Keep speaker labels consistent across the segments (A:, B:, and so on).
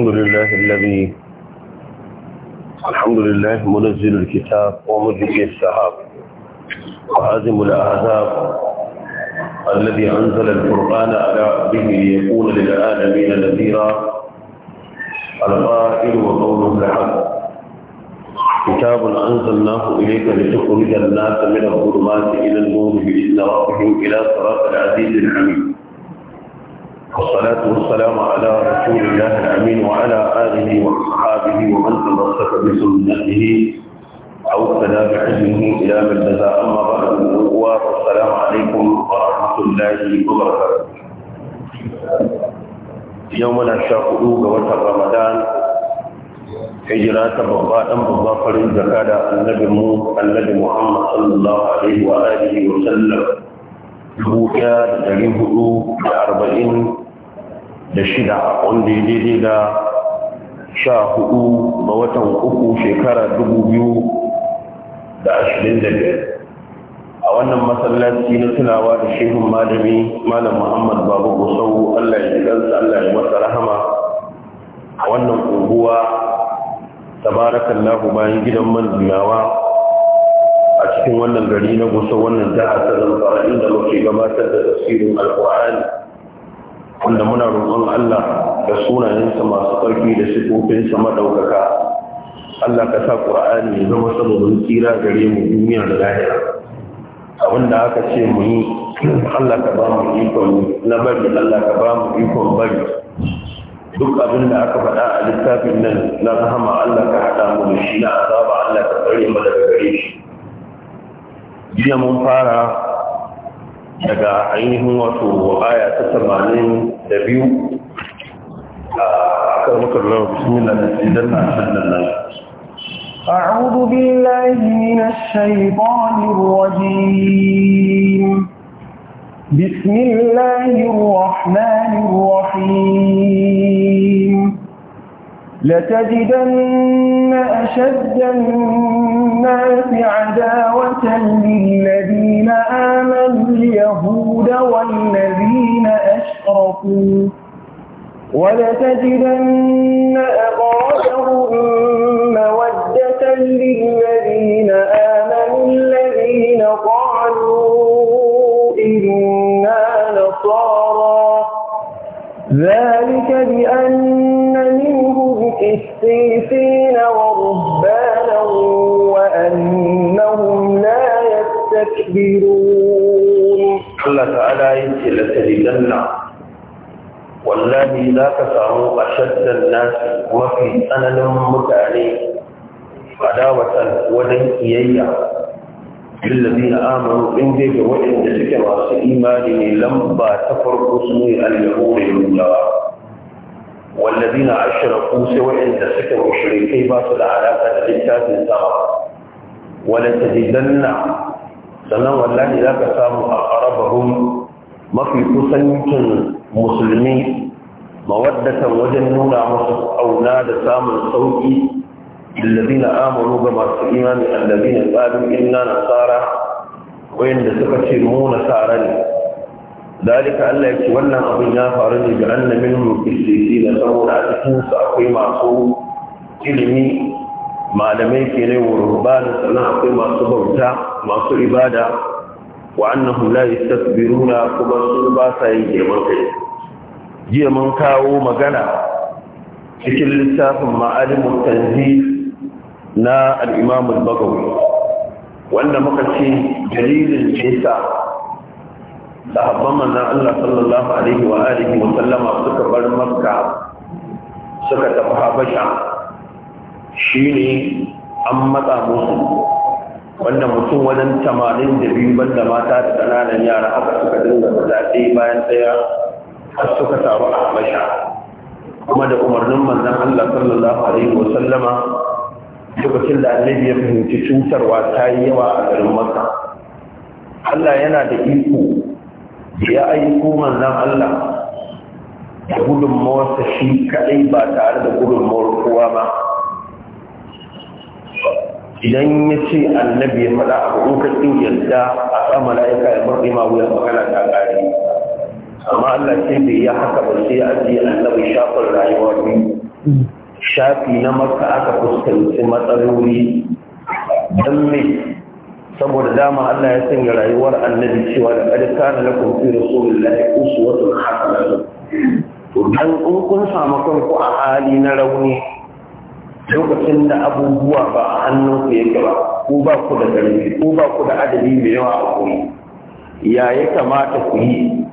A: الحمد لله الذي الحمد لله منزل الكتاب ومجري السحاب وعزم الاعذاب الذي أنزل القرآن على عبده ليكون للعالمين نذيرا القائل وقوله الحق كتاب أنزلناه إليك لتخرج الناس من الظلمات إلى النور بإذن ربهم إلى صراط العزيز الحميد والصلاة والسلام على رسول الله الأمين وعلى آله وأصحابه ومن تمسك بسنته أو ابتدى بحزنه إلى من جزاء أما بعد والسلام عليكم ورحمة الله وبركاته يوم يومنا قلوب جوات رمضان هجرة تبقى أم بقى فرد زكاة النبي النبي محمد صلى الله عليه وآله وسلم dubu ɗaya da da shida wanda ya daidai da sha hudu ga watan uku shekara dubu biyu da ashirin da biyar a wannan masallaci na tunawa da shehun malami malam muhammad babu gusau allah ya ɗansa allah ya masa rahama a wannan unguwa tabarakallahu bayan gidan manziyawa a cikin wannan gari na gusau wannan jihar ta zamfara inda muke gabatar da tasirin alkur'ani wanda muna roƙon Allah da sunayensa masu ƙarfi da sifofinsa maɗaukaka Allah ka sa ƙur'ani ya zama sababin tsira gare mu duniya da lahira abinda aka ce mu yi Allah ka ba mu ikon na bari Allah ka ba mu ikon bari duk abin da aka faɗa a littafin nan na rahama Allah ka haɗa mu da shi na azaba Allah ka tsare mu daga gare shi jiya mun fara daga ainihin wato aya ta tamanin da biyu a karmakar lau bismillah idan na sannan nan أعوذ بالله من الشيطان الرجيم بسم الله الرحمن الرحيم لتجدن أشد الناس عداوة للذين آمنوا اليهود والذين أشركوا ولتجدن أقربهم مودة للذين آمنوا الذين قالوا إنا نصارى ذلك بأن تعالى لتجدن والله لا تسعوا أشد الناس وفي أنا سنن متعلي عداوة ولن إيايا للذين آمنوا إن ذي بوئن ذلك رأس إيمانه لم باتفر قسمي اليهود لله والذين أشرقوا سوى إن ذلك رأس إيمانه لم باتفر قسمي اليهود ولتجدن sannan wallahi za ka samu a Arabahun, mafi kusancin musulmi mawaddatan wajen nuna musu auna da samun sauƙi lillazina amanu ga masu imani na tsarin inna nasara wayanda suka ce mu nasara ne dalika Allah ya ce wannan abin ya faru ne ga anna minhum qissina saboda a cikinsu akwai masu ilimi malamai ke ne wurbani sannan akwai masu bauta masu ibada wa annahum la yastakbiruna kuma su ba sa yin girman kai jiya mun kawo magana cikin littafin ma'alimin tanzi na al-imam al-bagawi wanda muka ce dalilin cesa sahabban manzon Allah sallallahu alaihi wa alihi wa sallama suka bar makka suka tafi habasha shine an matsa musu Wannan mutum wajen tamanin da biyu banda mata da ƙananan yara haka suka dinga zaɓe bayan tsaya, har suka taru a masha kuma da umarnin manzan Allah sallallahu alaihi wa sallama lokacin da annabi ya fahimci cutarwa ta yi yawa a garin maka. Allah yana da iko ya aiko manzan Allah da gudunmawarsa shi kaɗai ba tare da gudunmawar kowa ba idan ya ce annabi ya faɗa a in ka ƙin yadda a sa mala'ika ya bar ma wuya magana ta ƙare amma Allah ce da ya haka ba sai a je annabi shafin rayuwa biyu shafi na maka aka fuskanci matsaloli don me saboda dama Allah ya sanya rayuwar annabi cewa da ƙarfi kana na kun fi rasulullahi uswatun hasanatu to dan in kun samu kanku a hali na rauni lokacin da abubuwa ba a hannunku yake ba ko ba ku da ƙarfi ko ba ku da adadi mai yawa a koyi ya ya kamata ku yi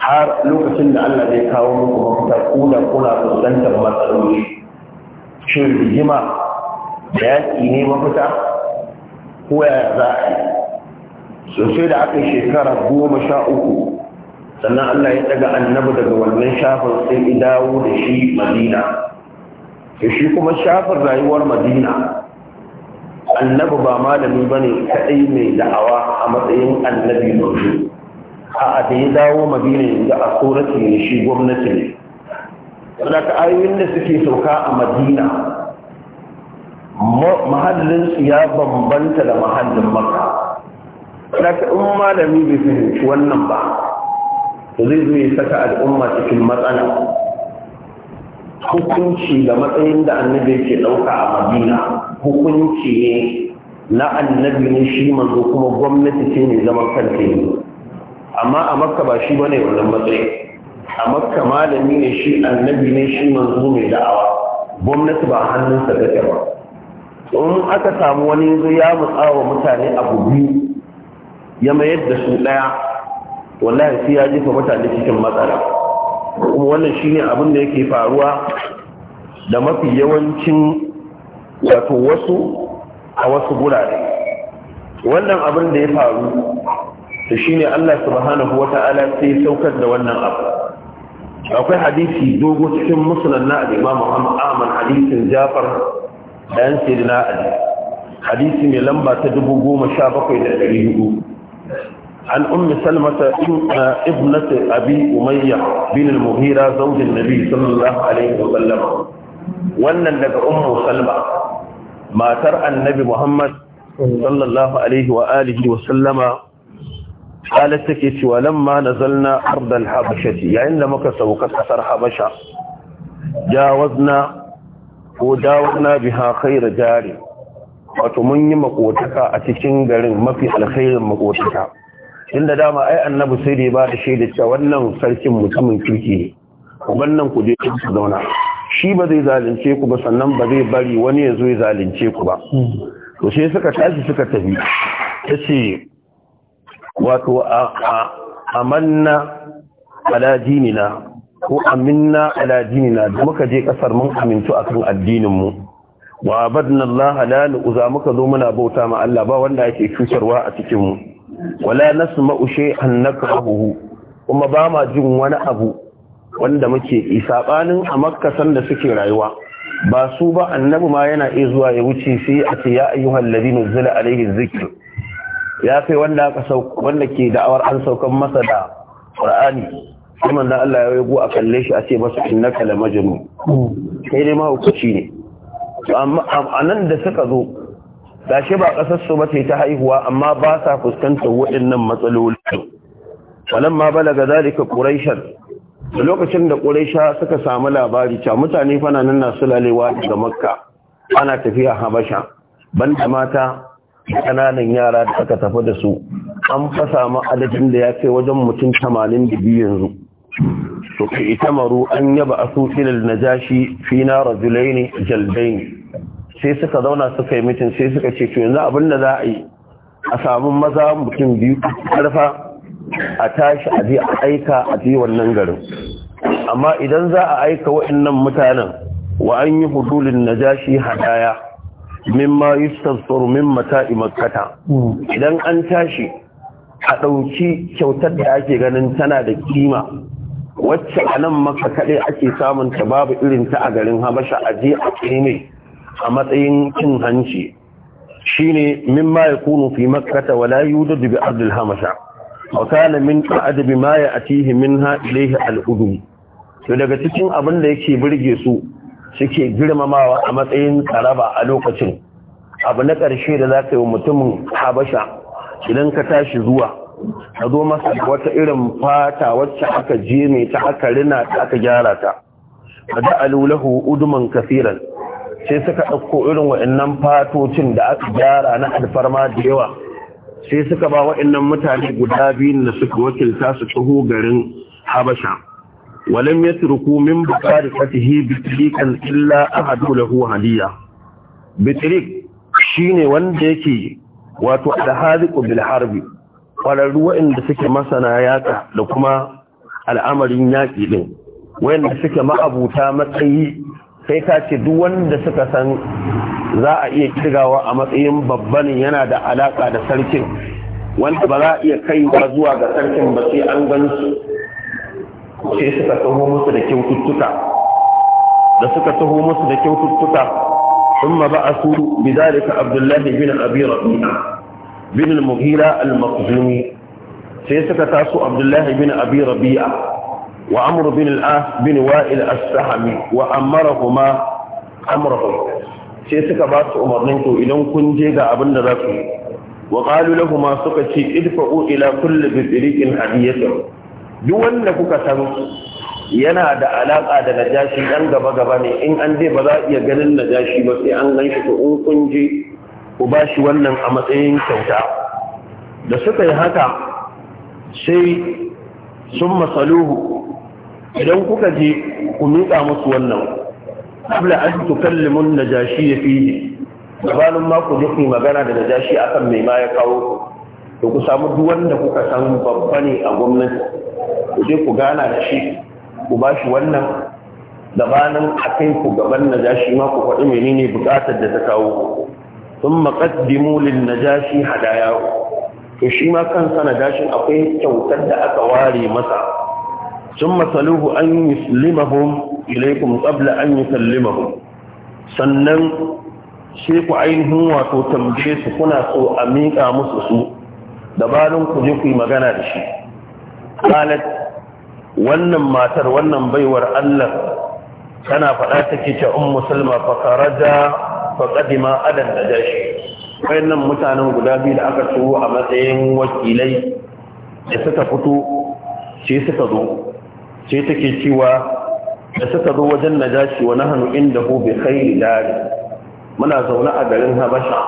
A: har lokacin da Allah zai kawo muku mafita da kuna fuskantar matsaloli shin rigima da yaƙi ne mafita ko ya za a yi sosai da aka yi shekara goma sha uku sannan Allah ya ɗaga annabi daga wannan shafin sai dawo da shi madina to shi kuma shafin rayuwar madina annabi ba malami ba ne kaɗai mai da'awa a matsayin annabi yanzu a da ya dawo madina yanzu a tsorati ne shi gwamnati ne saboda ayoyin da suke sauka a madina mahallinsu ya bambanta da mahallin maka saboda in malami bai fahimci wannan ba to zai zo ya saka al'umma cikin matsala hukunci ga matsayin da annabi ke ɗauka a madina hukunci ne na annabi ne shi manzo kuma gwamnati ce ne zaman kanta ne amma a makka ba shi bane wannan matsayi a makka malami ne shi annabi ne shi manzo mai da'awa gwamnati ba hannunsa take ba in aka samu wani yanzu ya mutsa wa mutane abu biyu ya mayar da su ɗaya wallahi sai ya jefa mutane cikin matsala kuma wannan shine abin da yake faruwa da mafi yawancin wato wasu a wasu gurare wannan abin da ya faru to shine Allah subhanahu wata'ala sai saukar da wannan abu akwai hadisi dogo cikin musulun na imam Muhammad Ahmad hadisin Jafar da Sayyidina Ali hadisi mai lamba ta 17400 عن أم سلمة ابنة أبي أمية بن المغيرة زوج النبي صلى الله عليه وسلم وأن لك أم سلمة ما ترى النبي محمد صلى الله عليه وآله وسلم قالت تكيت ولما نزلنا أرض الحبشة يعني لما كسوك أثر حبشة جاوزنا وداوزنا بها خير جاري وتمني مقوتك أتشنجر ما في الخير مقوتك inda dama ai annabi sai da ba da shaida cewa wannan sarkin mutumin kirki ne wannan ku je ku zauna shi ba zai zalunce ku ba sannan ba zai bari wani ya zo ya zalunce ku ba hmm. to sai suka tashi suka tafi tace wato amanna ala dinina ko aminna ala dinina da muka je kasar mun amintu akan addinin mu wa abadna Allah la nu'za muka zo muna bauta ma Allah ba wanda yake cutarwa a cikin mu wala nasma'u shay'an nakrahu kuma ba ma jin wani abu wanda muke isabanin a makka da suke rayuwa ba su ba annabi ma yana iya zuwa ya wuce sai a ce ya ayyuhal ladina nuzila alaihi zikr ya fi wanda aka sauka wanda ke da'awar an saukan masa da qur'ani kuma dan Allah ya yago a kalle shi a ce masa innaka la majnun hmm. kai dai ma hukunci ne amma anan da suka zo gashi ba ƙasar su bace ta haihuwa amma ba sa fuskantar waɗannan matsaloli wannan ma ga zalika quraishan da lokacin da quraisha suka samu labari cewa mutane fana nan na sulalewa daga makka ana tafiya habasha banda mata kananan yara da aka tafi da su an fasa samu adadin da ya kai wajen mutum tamanin 82 yanzu to ita itamaru an yaba asu ilal najashi fi na rajulaini jaldaini sai suka zauna suka yi mitin sai suka ce to yanzu abin da za a yi a samu maza mutum biyu karfa a tashi a je a aika a je wannan garin amma idan za a aika waɗannan mutanen wa an yi hudulin najashi hadaya yi yustazfaru min mata imakata idan an tashi a ɗauki kyautar da ake ganin tana da kima wacce a nan maka kaɗai ake samun ta babu irin ta a garin habasha a je a kai a matsayin cin hanci shine mimma yakunu fi makkata wala yujadu bi ardil hamasha wa kana min qa'ad bima ya'tihi minha ilayhi al-udum to daga cikin abin da yake burge su suke girmamawa a matsayin karaba a lokacin abu na ƙarshe da za ka yi mutumin habasha idan ka tashi zuwa ka zo masa wata irin fata wacce aka je ne ta aka rina ta aka gyara ta ka da alulahu uduman kafiran sai suka ɗauko irin wa'annan fatocin da aka gyara na alfarma da yawa sai suka ba wa'annan mutane guda biyun da suka wakilta su taho garin habasha walam turku min bukari fatihi bitirikan illa ahadu lahu hadiya bitirik shine wanda yake wato Alhaziku bil harbi kwararru wa'anda suke masana yaka da kuma al'amarin yaƙi din wa'anda suke ma'abuta matsayi sai ka ce duk wanda suka san za a iya kirgawa a matsayin babban yana da alaka da sarkin wanda ba za a iya kai ba zuwa ga sarkin ba sai an gan su sai suka taho musu da kyaututtuka da suka taho musu da kyaututtuka ثم بعثوا بذلك عبد الله بن ابي bin بن al المخزومي sai suka taso abdullahi bin abi rabi'a وعمر بن الآس بن وائل السهمي وأمرهما أمرهم sai suka ba su umarnin idan kun je ga abin da za su yi wa qalu lahum suka ce idfa'u ila kulli bidriqin hadiyatan duk wanda kuka san yana da alaka da najashi dan gaba gaba ne in an je ba za iya ganin najashi ba sai an ganshi to in kun je ku ba shi wannan a matsayin kyauta da suka yi haka sai sun masaluhu idan kuka je ku miƙa musu wannan abla an tukallimun najashi fihi gabanin ma ku je magana da najashi akan mai ma ya kawo to ku samu duk wanda kuka san babba ne a gwamnati ku je ku gana da shi ku ba shi wannan gabanin a kai ku gaban najashi ma ku faɗi menene buƙatar da ta kawo sun maƙaddimu lin najashi hadaya to shi ma kansa najashin akwai kyautar da aka ware masa ثم صلوه أن يسلمهم إليكم قبل أن يسلمهم sannan sai ku ainihin wato tambaye su kuna so a miƙa musu su dabarun ku je ku yi magana da shi qalat wannan matar wannan baiwar Allah tana faɗa take ce ummu musulma fa kharaja fa da jashi. wayannan mutanen guda biyu da aka tuwo a matsayin wakilai da suka fito sai suka zo sai take cewa da suka zo wajen najashi hannu inda indahu bi khairi dar muna zaune a garin habasha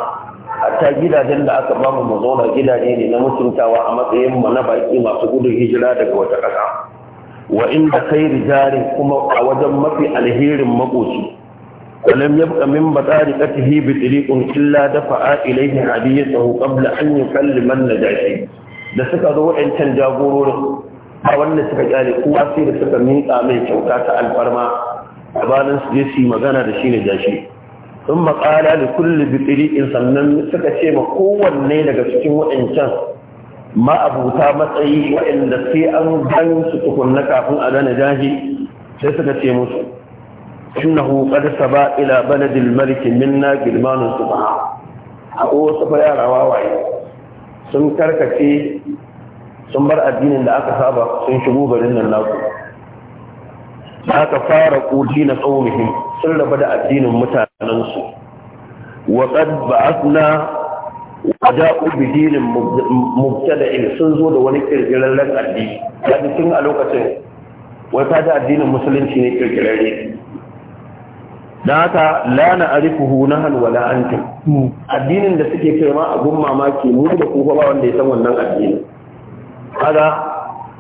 A: hatta gidajen da aka ba mu mu zauna gidaje ne na mutuntawa a matsayin mu na baki masu gudun hijira daga wata ƙasa wa inda khairi dar kuma a wajen mafi alherin makoci ولم يبق من بطارقته بطريق إلا دفع إليه هديته قبل أن يكلم النجاشي da suka zo waɗancan jagororin a wanda suka kyale kowa sai da suka miƙa mai kyauta ta alfarma gabanin su je su magana da shi ne jashi sun maƙala da kulle in sannan suka ce ma kowanne daga cikin waɗancan ma'abuta matsayi waɗanda sai an gan su tukunna kafin a gane jahi sai suka ce musu innahu qad saba ila baladil malik minna gilmanun subha a wasu fa yara sun karkace sun bar addinin da aka saba sun shigo garin nan naku aka fara kudi na tsohon sun raba da addinin mutanensu waƙad ba asna bi dinin mubtada'in sun zo da wani kirkirarren addini ya ji tun a lokacin wai ta ji addinin musulunci ne kirkirarre da haka la na arifuhu na halwala antum hmm. addinin da suke kai ma abun mamaki mu da kuka ba wanda ya san wannan addinin kaga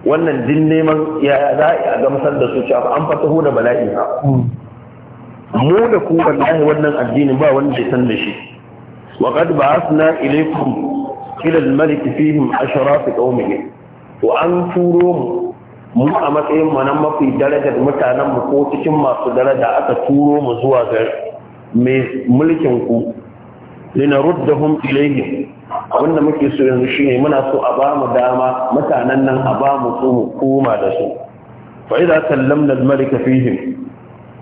A: wannan din neman ya za a gamsar da su cewa an fasaho da bala'i mu da ku wallahi wannan addinin ba wanda ya san da shi wa qad ba'athna ilaykum ila al-malik fihim asharat qaumihi to an turo mu mu a matsayin mu nan mafi darajar mutanen mu ko cikin masu daraja aka turo mu zuwa ga mai mulkin ku linaruddahum ilayhi wanda muke so yanzu shine muna so a ba mu dama mutanen nan a ba mu koma da su fa idza sallamna al fihim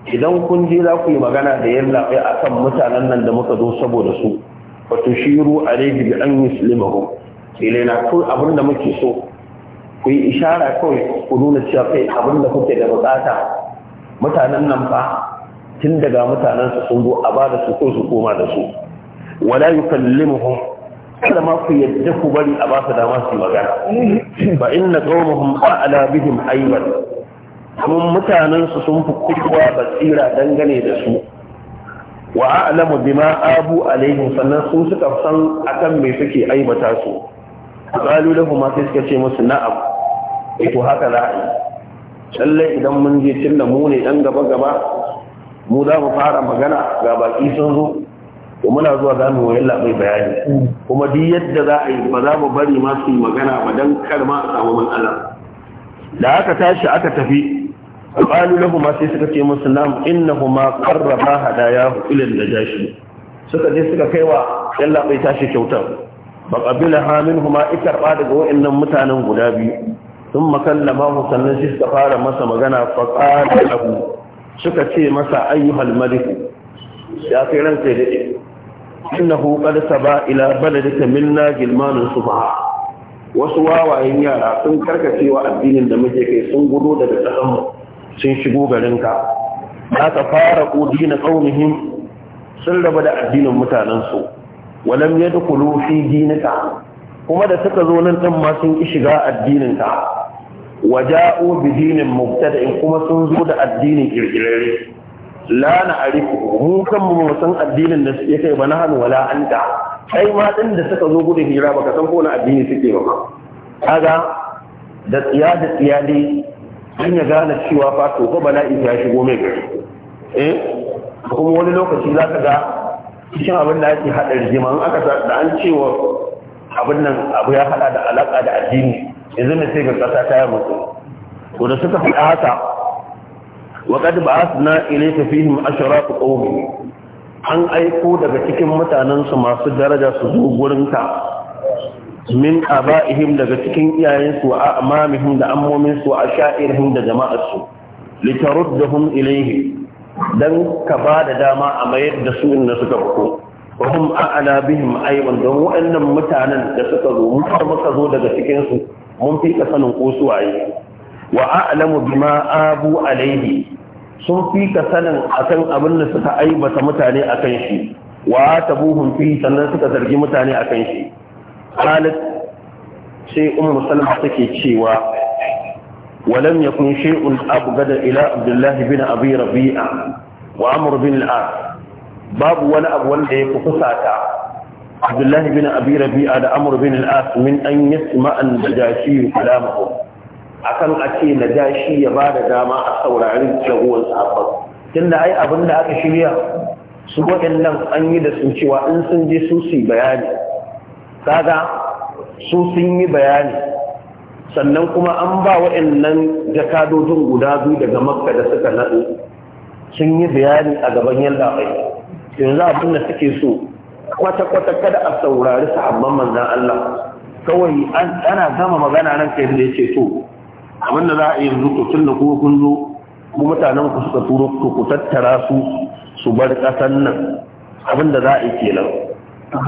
A: idan kun je za ku yi magana da yalla bai akan mutanen nan da muka zo saboda su fa tushiru alayhi bi an yuslimahu ilaina ko abin da muke so ku yi ishara kawai ku nuna cewa kai abin da kuke da bukata mutanen nan fa tun daga mutanen su sun zo a ba da su ko su koma da su wala yukallimuhum kada ma ku yadda ku bari a ba su dama su magana fa inna qawmuhum a'la bihim ayban kuma mutanen su sun fi kowa tsira dangane da su wa a'lamu bima abu alaihim sannan sun suka san akan me suke aibata su qalu da kuma sai suka ce musu na'am to haka za a yi lalle idan mun je tunda mu ne dan gaba gaba mu za mu fara magana ga baki sun zo to muna zuwa za mu wayan labai bayani mm. kuma duk yadda za a yi ba za mu bari ma su yi magana ba dan kar ma a samu matsala da aka tashi aka tafi qalu lahum sai suka ce musu nam innahuma qarraba hadaya ila najashi suka je suka kai yan labai tashi kyautar fa qabilaha minhuma ikarba daga wayannan mutanen guda biyu ثم كلمه sannan shi suka fara masa magana fa qala lahu suka ce masa ayyuhal malik ya kai ranka da innahu qad saba ila baladika minna gilmanun subha wasu wawayen yara sun karkacewa addinin da muke kai sun gudu daga tsakanmu sun shigo ka. za ta fara kudina na kaunihim sun raba da addinin mutanensu walam ya dukulu fi dinika kuma da suka zo nan ɗan ma sun ki shiga addininka waja'u bi dinin mubtada'in kuma sun zo da addinin kirkirare la na arifu mu kan mu san addinin da suke kai ba na hannu wala anta kai ma din da suka zo gudun hira baka san ko na addini suke ba kaga da tsiya da tsiya ne, an ya gane cewa fa to ko bala'i ya shigo mai gari eh kuma wani lokaci za ka ga cikin abin da ake haɗa rigima in aka da an cewa abin nan abu ya haɗa da alaƙa da addini yanzu ne sai ga ƙasa ta yi mutu to da suka faɗa haka وقد بعثنا إليك فيهم أشراف قومه an aiko daga cikin mutanensu masu daraja su zo gurinka min aba'ihim daga cikin iyayensu a amamihim da ammominsu a sha'irhim da jama'arsu litaruddahum ilayhi dan ka ba da dama a mayar da su inda suka fito wa hum a'la bihim ayban don waɗannan mutanen da suka zo mu muka zo daga cikin su mun fi ka sanin ko su waye wa a'lamu bima abu alayhi sun fi ka sanin akan abin da suka aibata mutane akan shi wa buhun fi sannan suka zargi mutane akan shi Khalid, sai ummu salma take cewa walam yakun shay'un abgada ila abdullah bin abi rabi'a wa amr bin al babu wani abu wanda ya fusata عبد الله بن أبي ربيعة عمرو بن العاص من أن يسمع النجاشي كلامه akan a ce na ja shi ya ba da dama a saurari jagowan sahabban tunda ai abin da aka shirya su nan an yi da sun cewa in sun je su su bayani kaga su sun yi bayani sannan kuma an ba nan jakadojin guda biyu daga makka da suka naɗu sun yi bayani a gaban yalla yanzu abin da suke so kwata-kwata kada a saurari sahabban manzan Allah kawai ana gama magana nan kai da ya ce to wanda za a yi yanzu tun da ko kun zo mu mutanen ku suka turo ku tattara su su bar kasan nan abin da za a yi kenan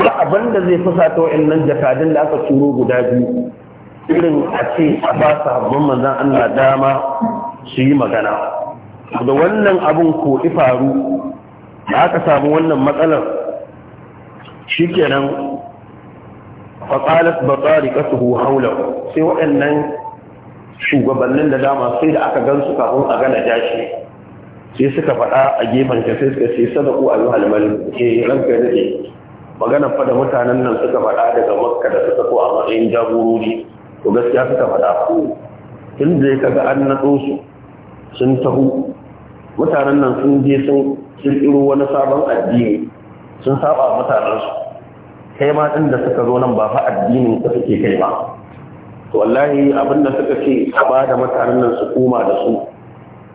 A: ba abin da zai fasa ta wa'annan jakadun da aka turo guda biyu irin a ce a ba su habban manzan Allah dama su yi magana da wannan abin ko faru da aka samu wannan matsalar shikenan faqalat batariqatuhu hawla sai wa'annan shugabannin da dama sai da aka gan su kafin a gana jashi sai suka faɗa a gefen ta sai suka ce sadaku a yuhal malik ke eh, ranka da magana fa da mutanen nan suka faɗa daga makka da suka ko a matsayin jagorori to gaskiya suka faɗa tun da ya kaga an natso su sun taho mutanen nan sun je sun kirkiro wani sabon addini sun saba mutanensu kai ma ɗin da suka zo nan ba fa addinin ka suke kai ba wallahi abin da suka ce a ba da mutanen nan su koma da su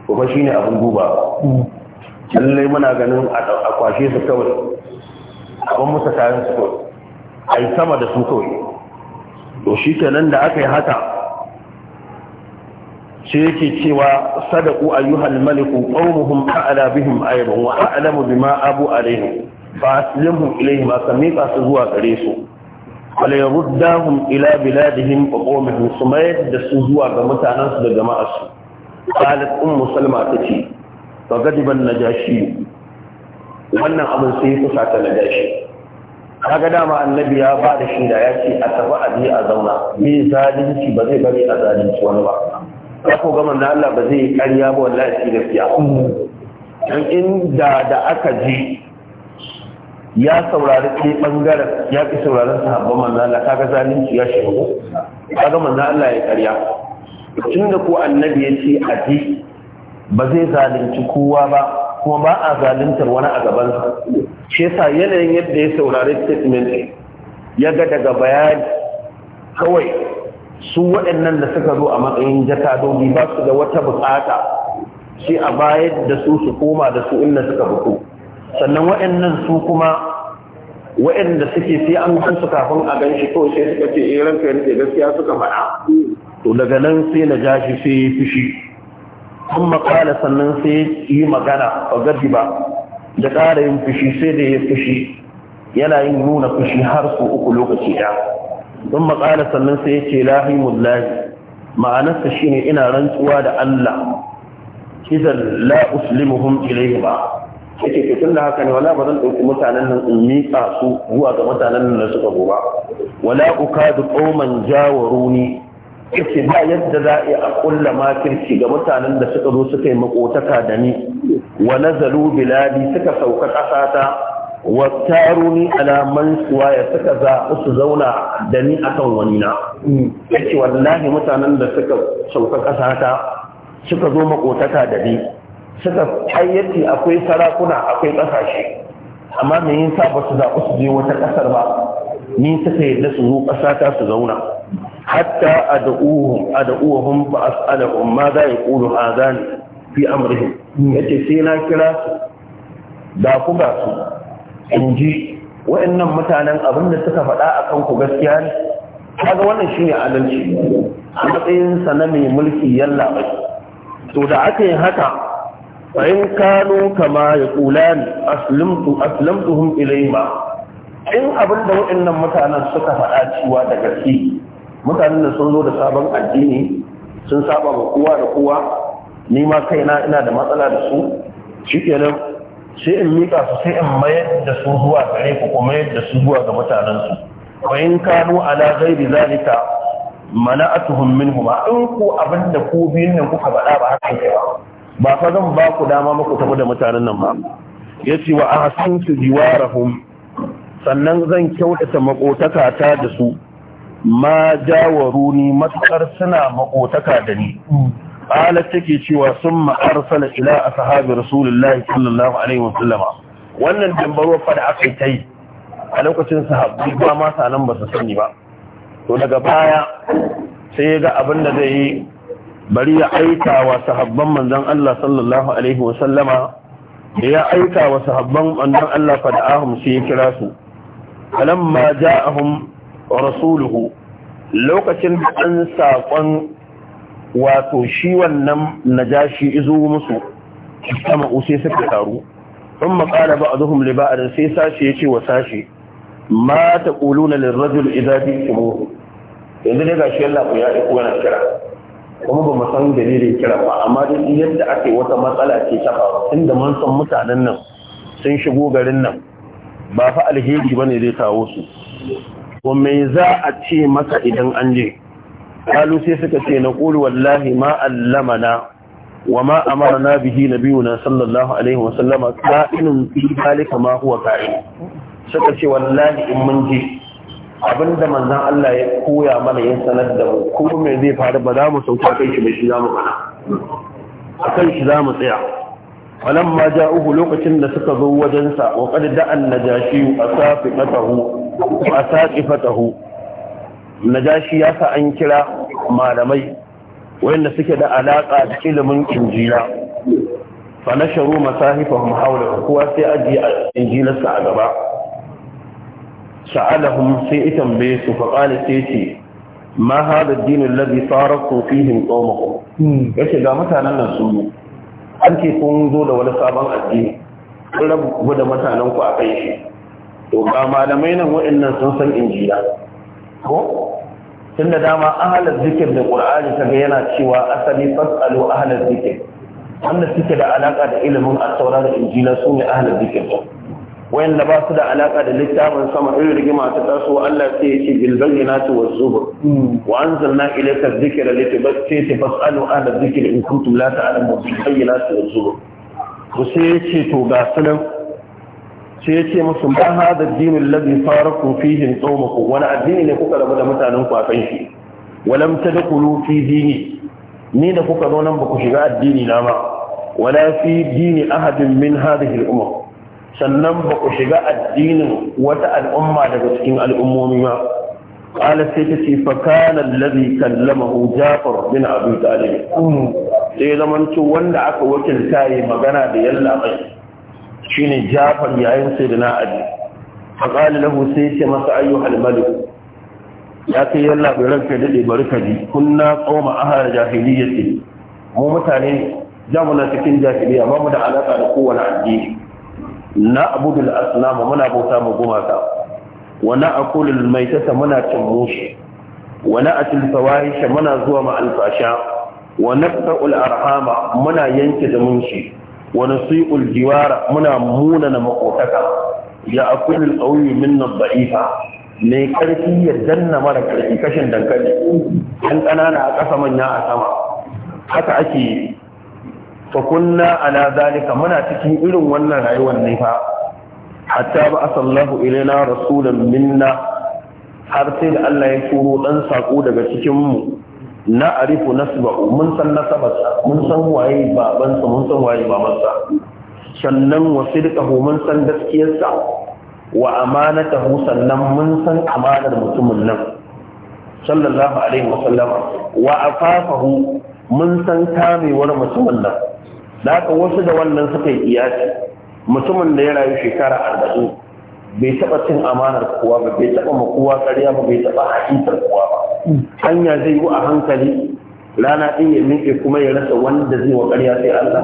A: kuma shi ne abin duba mm. lallai muna ganin a kwashe su kawai abin musa kayan su kawai a yi sama da su kawai to shi kenan da aka yi haka sai yake cewa sadaku ayyuhal maliku qaumuhum a'la bihim ayban wa a'lamu bima abu alaihim fa aslimhum ilayhi ma samika su zuwa gare su wala yaruddahum ila biladihim wa qawmihim su mayar da su zuwa ga mutanensu da jama'arsu qalat ummu salma tace fa gadiban najashi wannan abin sai kusa ta najashi kaga dama annabi ya ba da shi da ya ce a tafi a je a zauna bai zalunci ba zai bari a zalunci wani ba ya gama na Allah ba zai karya ba wallahi shi da da aka je. ya saurari ɗaya ɓangaren ya ƙi sauraron sahabban manzo Allah kaga zalunci ya shigo kaga manzo Allah ya karya tun da ko annabi ya ce a ji ba zai zalunci kowa ba kuma ba a zaluntar wani a sa shi yasa yanayin yadda ya saurari statement ya ga daga bayani kawai su waɗannan da suka zo a matsayin jakadogi ba su da wata buƙata sai a bayar da su su koma da su inda suka fito sannan waɗannan su kuma waɗanda suke sai an gansu kafin a gan shi ko sai suka ce eh ranka ya rike gaskiya suka faɗa to daga nan sai na ja shi sai ya fushi kuma kala sannan sai yi magana ba gadi ba da ƙara yin fushi sai da ya fushi yana yin nuna fushi har su uku lokaci ɗaya don maƙala sannan sai ya ce lahi mullahi ma'anarsa shine ina rantsuwa da Allah idan la uslimuhum ilayhi ba yake to da haka ne wala ba zan ɗauki mutanen nan in miƙa su zuwa ga mutanen nan da suka goba wala ukadu qauman jawaruni yace ba yadda za a ƙulla makirci ga mutanen da suka zo suka yi makotaka da ni wa nazalu biladi suka sauka ƙasata wa taruni ala man suka za su zauna da ni akan wani na yace wallahi mutanen da suka sauka ƙasata suka zo makotaka da ni suka ayyace akwai sarakuna akwai ƙasashe amma me yasa ba su zaɓi su je wata ƙasar ba ni suka yadda su zo ƙasa su zauna hatta a ba a tsada ba ma za a a zane fi Ya ce sai na kira su da ku ga su in ji wa'annan mutanen abin da suka faɗa kan ku gaskiya ne kaga wannan shi ne adalci a matsayin na mai mulki yalla to da aka yi haka fa'in kano kama ya kula ne aslamtuhum ilaima in abin da waɗannan mutanen suka faɗa cewa da gaske mutanen da sun zo da sabon addini sun saba ma kowa da kowa ni ma kaina ina da matsala da su shi kenan sai in mika su sai in mayar da su zuwa gare ku kuma mayar da su zuwa ga mutanensu wayin kanu ala ghairi zalika mana'atuhum minhum in ku abinda ku biyun nan kuka baɗa ba haka yake ba ba fa zan ba ku dama muku tafi da mutanen nan ba yace wa su jiwarahum sannan zan kyautata makotaka ta da su ma ni matukar suna makotaka da ni alat take cewa sun arsala ila ashabi rasulullahi sallallahu alaihi wasallama wannan dambaro fa da aka yi a lokacin sahabbai ba ma sanan ba su sani ba to daga baya sai ya ga abin da zai yi bari ya aika wa sahabban manzon Allah sallallahu alaihi wa sallama ya aika wa sahabban manzon Allah fada'ahum sai ya kira su falamma ja'ahum rasuluhu lokacin da an saƙon wato shi wannan najashi izo musu kama Usai suka taru in maƙala ba a zuhun liba'ar sai sashi ya ce wa sashi ma ta ƙuluna lirrajul idafi yanzu ne ga shi yalla ku ya iko yana kira kuma ba mu san dalilin kira ba amma duk yadda ake wata matsala ce ta faru Inda mun san mutanen nan sun shigo garin nan ba fa alheri bane zai kawo su ko me za a ce maka idan an je kalu sai suka ce na qulu wallahi ma allamana wa ma amarna bihi nabiyuna sallallahu alaihi wa sallama ka'inun fi ma huwa ka'in suka ce wallahi in mun je abinda manzan Allah ya koya mana ya sanar da mu kuma me zai faru ba za mu sauka kai shi ba shi za mu fara a kan shi za mu tsaya falamma ja'uhu lokacin da suka zo wajensa wa qad da'an najashi asafiqatahu asaqifatahu najashi ya sa an kira malamai wanda suke da alaka da ilimin injila fa nasharu masahifahum hawla kowa sai ajiye injilarsa a gaba sa'alahum sai ita bai su fa qala sai ce ma hada ad-din alladhi faraqu fihi qawmuhum yace ga mutanen nan su an ce kun zo da wani sabon addini kun rabu da mutanen ku a kai shi to ga malamai nan waɗannan sun san injila ko tun da dama ahalar zikir da qur'ani ga yana cewa asali fasalo ahalar zikir wanda suke da alaƙa da ilimin at da injila su ne ahalar zikir wayanda ba su da alaka da littafin sama irin rigima ta taso Allah sai ya ce bil bayyinati waz zubur wa anzalna ilayka dhikra litubayyana fasalu ahla dhikri in kuntum la ta'lamun na bayyinati waz zubur Ku sai ya ce to ga sunan sai ya ce musu ma hada dinul ladhi farakum fihi qawmukum wani addini ne kuka rabu da mutanen ku a kan shi walam tadkhulu fi dini ni da kuka zo nan ba ku shiga addini na ba wala fi dini ahadin min hadhihi al-umam sannan ba ku shiga addinin wata al'umma daga cikin al'ummomi ba qala sai ta ce fa kana allazi kallamahu jafar bin abi talib sai zamanto wanda aka wakilta yi magana da yalla mai shine jafar yayin sayyidina ali fa qala lahu sai ce masa ayyuhal malik ya kai yalla bai ranka dade barka ji kunna qawma ahal jahiliyyati mu mutane jamuna cikin jahiliya ba mu da alaka da kowane addini na abudul asnama muna bauta mu gumaka wa na mai maitata muna cin mushi wa na muna zuwa ma alfasha wa naqta'ul arhama muna yanke munshi. Wani nasi'ul jiwara muna muna na makotaka ya akulul min nan dha'ifa mai karfi ya danna mara ƙarfi kashin dankali ɗan ƙanana a ƙasa manya a sama haka ake fa kunna ala zalika muna cikin irin wannan rayuwar ne fa hatta ba asallahu ilaina rasulan minna har sai da Allah ya turo dan sako daga cikin mu na arifu nasba'u mun san nasabarsa mun san waye baban sa, mun san waye baban sa, sannan wa sidqahu mun san sa, wa amanatahu sannan mun san amanar mutumin nan sallallahu alaihi wa wasallam wa afafahu mun san kamewar mutumin nan da haka wasu da wannan suka yi iyaci, mutumin da ya rayu shekara arba'in bai taɓa cin amanar kowa ba bai taɓa ma kowa ƙarya ba bai taɓa haƙiƙar kowa ba hanya zai yi a hankali rana ɗin ya miƙe kuma ya rasa wanda zai wa ƙarya sai Allah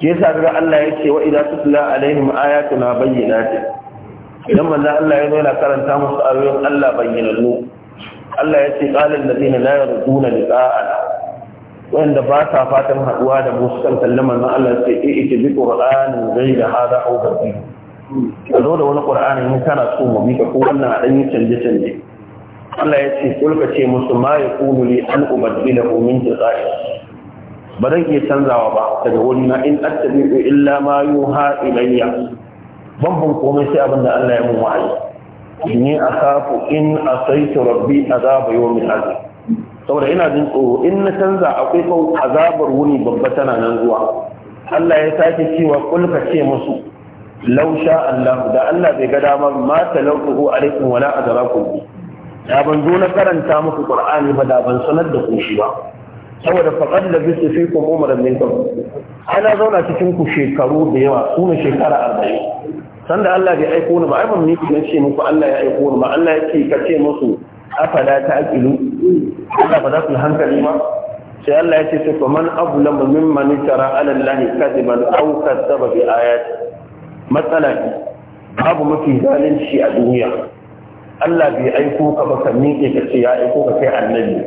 A: ke yasa ga Allah ya ce wa idza tutla alaihim ayatuna bayyinatin idan manzo Allah ya zo yana karanta musu ayoyin Allah bayyanannu Allah ya ce qalan ladina la yarduna liqa'ana wanda ba ta fatan haɗuwa da musu kan kalli manzon Allah sai eh ita bi qur'anin zai da hada au gabi ka zo da wani qur'ani in kana so mu bi ko wannan a dan canje canje Allah ya ce kulka ce musu ma yaqulu li an ubaddilahu min jaza'ir ba zan iya canzawa ba daga wuri na in attabi'u illa ma yuha ilayya ban ban komai sai abin da Allah ya mun wa'ayi inni akhafu in asaitu rabbi azaba yawmin azim saboda ina jin tsoro in na canza akwai kau azabar wuni babba tana nan zuwa Allah ya sake cewa kul ka ce musu law sha Allah da Allah bai ga dama ma talaqu alaikum wala azarakum da ban zo na karanta muku Qur'ani ba da ban sanar da ku shi ba saboda faƙad da bisu fi kuma umarar minkum ana zauna cikin ku shekaru da yawa su ne shekara arba'in sanda Allah bai aiko ni ba ai ban na ce muku Allah ya aiko ni ba Allah ya ce ka ce musu afala ta aqilu Allah ba za ku hankali ba? sai Allah ya ce to faman azlamu mimman tara ala Allah kadiban aw kazzaba bi ayati matsala babu mafi zalunci a duniya Allah bai aiko ka ba ka miƙe ka ce ya aiko ka kai annabi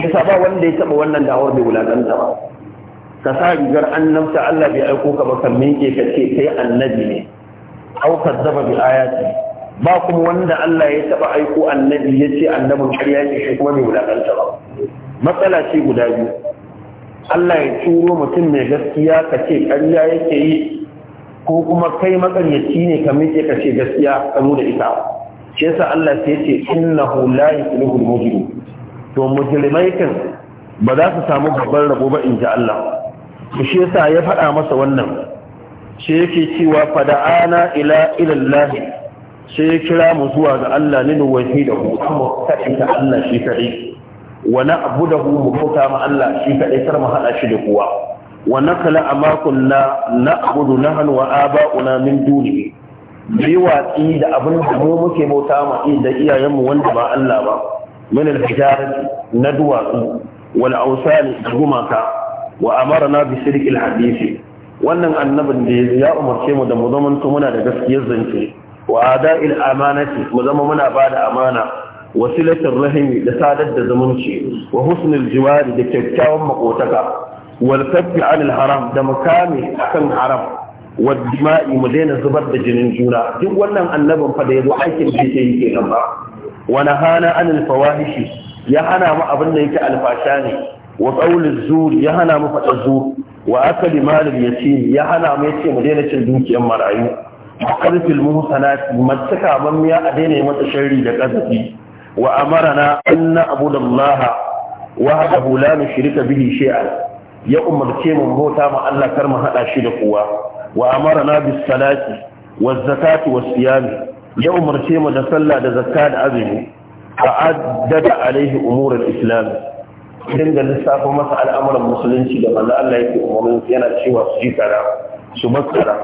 A: yasa ba wanda ya taba wannan da'awar bai wulakanta ba ka sa rigar annabta Allah bai aiko ka ba ka miƙe ka ce kai annabi ne aw kazzaba bi ayati ba kuma wanda Allah ya taba aiko annabi ya ce annabin ƙarya ne shi kuma mai wulakanta ba matsala ce guda biyu Allah ya turo mutum mai gaskiya ka ce ƙarya yake yi ko kuma kai makaryaci ne ka miƙe ka ce gaskiya ka da ita shi yasa Allah sai ce innahu la yuflihul mujrim to mujrimai kan ba za su samu babban rabo ba in ji Allah shi yasa ya faɗa masa wannan shi yake cewa fada'ana ila ilallahi sai ya kira mu zuwa ga Allah ne wahi da mu kuma kaɗai ta Allah shi kaɗai wa na abu da mu bauta ma Allah shi kaɗai kar mu haɗa shi da kuwa. wa na kala a makon na na abudu na hannu wa aba'una min duni bi watsi da abin da mu muke bauta ma da iyayenmu wanda ba Allah ba min al na duwatsu wal awsani da gumaka wa amarna bi shirkil hadisi wannan annabin da ya umarce mu da mu zamanto muna da gaskiyar zance wa ada'il amanati mu zama muna bada amana wasilatul rahimi da sadar da zumunci wa husnul jiwari da kyakkyawan makotaka wal anil haram da mukami kan haram wa dima'i mu daina zubar da jinin juna duk wannan annabin fa da yazo aikin da yake yi kenan ba wa nahana anil fawahishi ya hana mu abin da yake alfasha ne wa qawlul zuri ya hana mu faɗa zuri wa akali malin yatim ya hana mu yace mu daina cin dukiyan marayu Karfin muhsanat mace kamammiya a daina yi mata sharri da kasafi wa amarana anna abudallaha hula la shirika bihi shay'an ya umarce mu bauta ma Allah kar mu haɗa shi da kowa wa amarana bis salati waz zakati was ya umarce mu da sallah da zakka da azumi fa addada alaihi umur al-islam idan da lissafa masa al'amuran musulunci da manzo Allah yake umarni yana cewa su ji kara su bakkara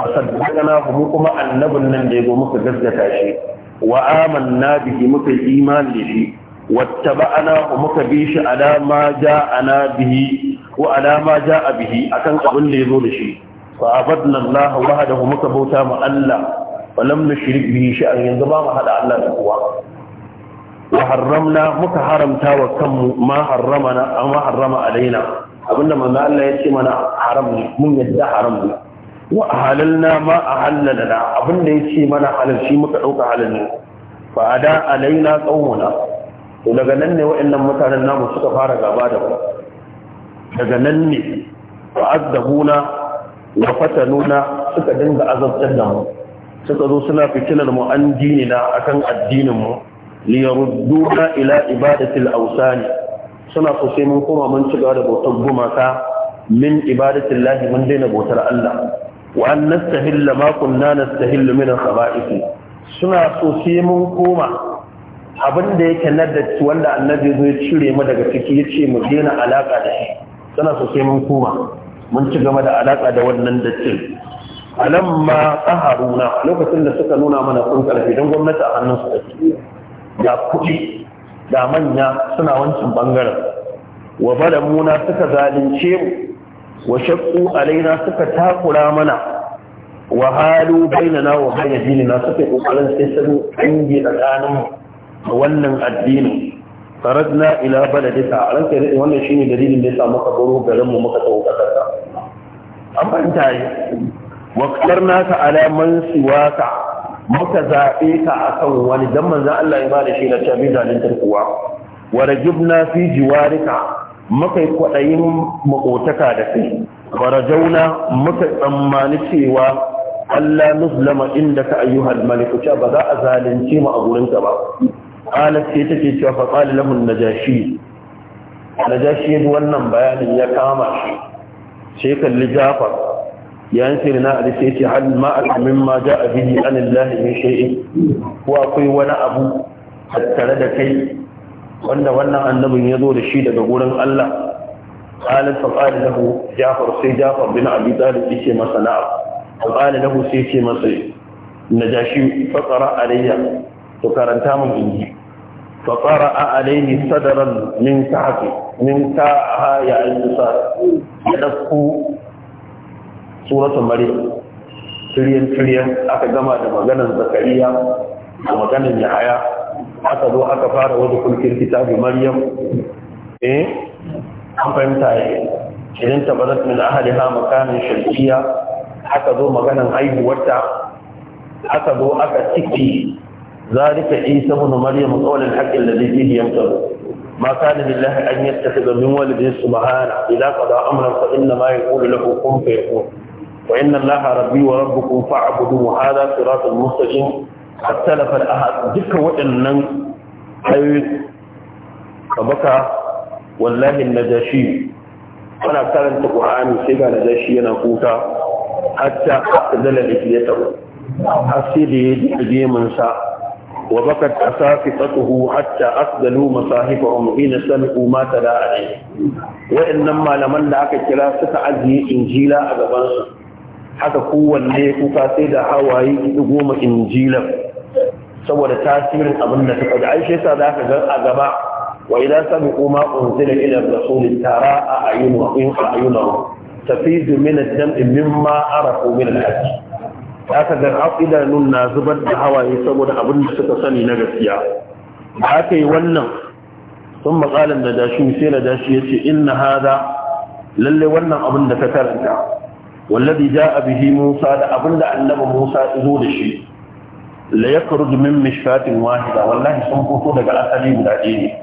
A: fasaddaqna mu kuma annabin nan da yago muka gaskata shi wa amanna bihi muka imani da shi wattaba'ana muka bi shi ala ma ja'ana bihi wa ala ma ja'a bihi akan abin da yazo da shi fa abadna Allah wahdahu muka bauta mu Allah wa lam nushrik bihi shay'an yanzu ba mu hada Allah da kowa wa kanmu ma ما حرمنا أو ما حرم علينا أبونا من الله يتي منا Mun yadda haram حرم wa halalna ma a halalana abinda ya ce mana halarci shi muka ɗauka halal ne fa a da alaina tsawona to daga nan ne wa'annan mutanen namu suka fara gaba da mu daga nan ne fa na wa nuna suka dinga azabtar da mu suka zo suna fitilar mu an na akan addinin mu li yarudduna ila ibadatil awsani suna so sai mun koma mun ci gaba da bautar gumaka min ibadatin lahi mun daina bautar Allah wa an nastahilla ma kunna nastahillu min al suna so sai mun koma abin da yake na datti wanda annabi zai cire mu daga ciki yace mu daina alaka da shi suna so sai mun koma mun ci gaba da alaka da wannan dattin alamma qaharuna lokacin da suka nuna mana kun karfi don gwamnati a hannun su da ga kuɗi da manya suna wancan bangaren wa balamuna suka zalunce mu wa shaqqu alaina suka takura mana wa halu bainana wa bayna na suka kokarin sai sun kange tsakanin wannan addinin faradna ila baladika a ranka da wannan shine dalilin da ya samu ka baro garin mu muka tsawo kasar ka an fahimta ne waktarna ka ala man siwaka muka zaɓe ka akan wani dan manzon Allah ya ba da shi na tabi zalin tarkuwa wa rajibna fi jiwarika muka yi kwaɗayin makotaka da kai farajauna muka tsammani cewa Allah nuzlama inda ka ayyuhal maliku cewa ba za a zalunce mu a ka ba qalat sai take cewa fa qala lahu najashi najashi wannan bayanin ya kama shi sai kalli Jafar ya yanke na Ali sai ce hal ma al mimma ja'a bihi an min shay'in ko akwai wani abu tattare da kai wanda wannan annabin ya zo da shi daga gurin Allah qalat fa qala lahu jafar sai jafar bin abi talib yace masa na'am fa qala lahu sai yace masa najashi fa qara alayya to karanta mun inji fa qara alayhi sadran min ta'ati min ta'a ya al-sar ya dauko suratul maryam tiriyan tiriyan aka gama da maganar zakariya da maganar yahaya aka zo aka fara wani kulkin kitabin maryam eh an fahimta ya irin tabarat min ahali ha makamin shirkiya aka zo maganan haihuwarta aka zo aka ciki zalika isa ibn maryam qawlan haqqan alladhi fihi yamtaru ما كان لله ان يتخذ من ولد سبحانه اذا قضى امرا فانما يقول له كن فيكون وان الله ربي وربكم فاعبدوه هذا صراط مستقيم asalafar ahad duka waɗannan hayoyi abaka wallahi najashi ana karanta ƙur'ani sai ga najashi yana kuta hatta da ya taɓa hasi da ya duka jeminsa wa baka ta safi tsakuhu hatta asdalu masahifa wa mu'ina sami'u ta da'a ne malaman da aka kira suka ajiye injila a gabansu haka kowanne kuka sai da hawaye goma injilar saboda tasirin abin da suka ji ai shi yasa zaka ga a gaba wa idza sabu ma unzila ila rasulin tara a ayyun wa in fa ayyuna tafid min ad-dam mimma arafu min al-hajj ga a idanun na zubar da hawaye saboda abin da suka sani na gaskiya ba aka yi wannan sun matsalan da dashi sai na dashi yace inna hadha lalle wannan abin da ka karanta والذي جاء musa da abinda ابن musa موسى da shi. la yakhruju min mishkatin wahida wallahi sun fito daga asali guda ɗaya ne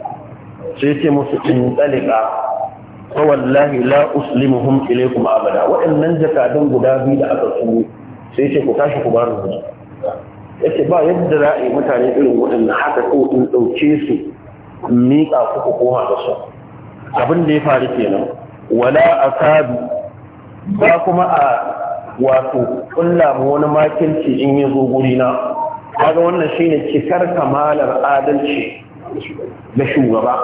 A: sai ce musu in tsalika fa wallahi la uslimuhum ilaykum abada waɗannan jakadun guda biyu da aka tsoro sai ce ku tashi ku bar mu yace ba yadda za a yi mutane irin waɗannan haka ko in ɗauke su miƙa ku ku koma da su abin da ya faru kenan wala asabi ba kuma a wato kullamu wani makinci in yi zo gurina kaga wannan shine cikar kamalar adalci da shugaba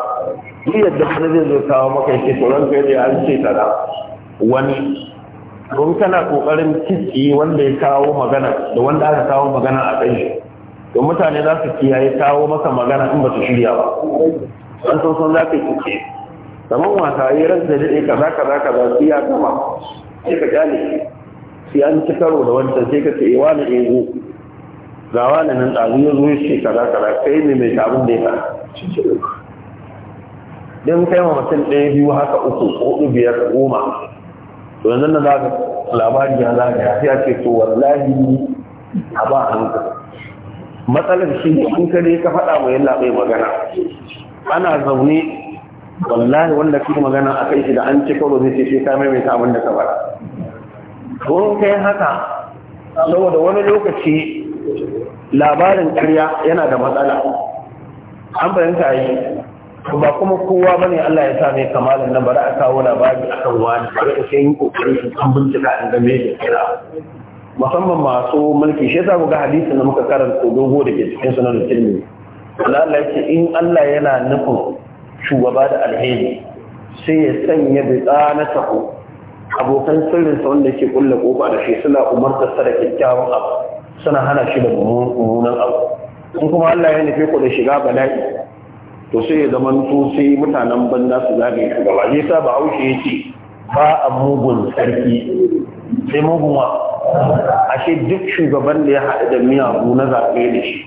A: Ni yadda wani zai zo kawo maka yake to ranka da an ce kaza wani don kana kokarin ciki wanda ya kawo magana da wanda aka kawo magana a kai to mutane za su kiyaye kawo maka magana in ba su shirya ba Ɗan san san za ka kitse kamar wasa yi ran da dade kaza kaza kaza sai ya gama sai ka gane sai an ci karo da wancan sai ka ce wani ingo. ga wani nan ɗazu ya zo shi kaza kaza kai ne mai abin da ya don kai ma mutum ɗaya biyu haka uku hudu biyar goma to yanzu na za ka labari ya za ka ya ce to wallahi a ba hankali matsalar shi ne in ka ka faɗa mai labai magana ana zaune wallahi wanda kuma magana a kai shi da an ce karo zai ce sai ka maimaita abin da ka faɗa don kai haka saboda wani lokaci labarin ƙarya yana da matsala an bayanta yi ba kuma kowa ba ne Allah ya sa mai kamalin nan bari a kawo labari akan wani bari a sai yi kokari an bincika a ga da kira musamman masu mulki shi yasa ga hadisi na muka karanta dogo da ke cikin sunan tirmidhi Allah ce in Allah yana nufin shugaba da alheri sai ya sanya da tsana taho abokan sirrinsa wanda ke kulle kofa da shi suna umarta sa da kyakkyawan abu suna hana shi da mummunan abu in kuma Allah ya nufi ku da shiga bala'i to sai ya zama to sai mutanen banza su zagaye shugaba ne sa ba haushe ya ce ba a mugun sarki sai mugun wa ashe duk shugaban da ya haɗu da miyagu na zaɓe da shi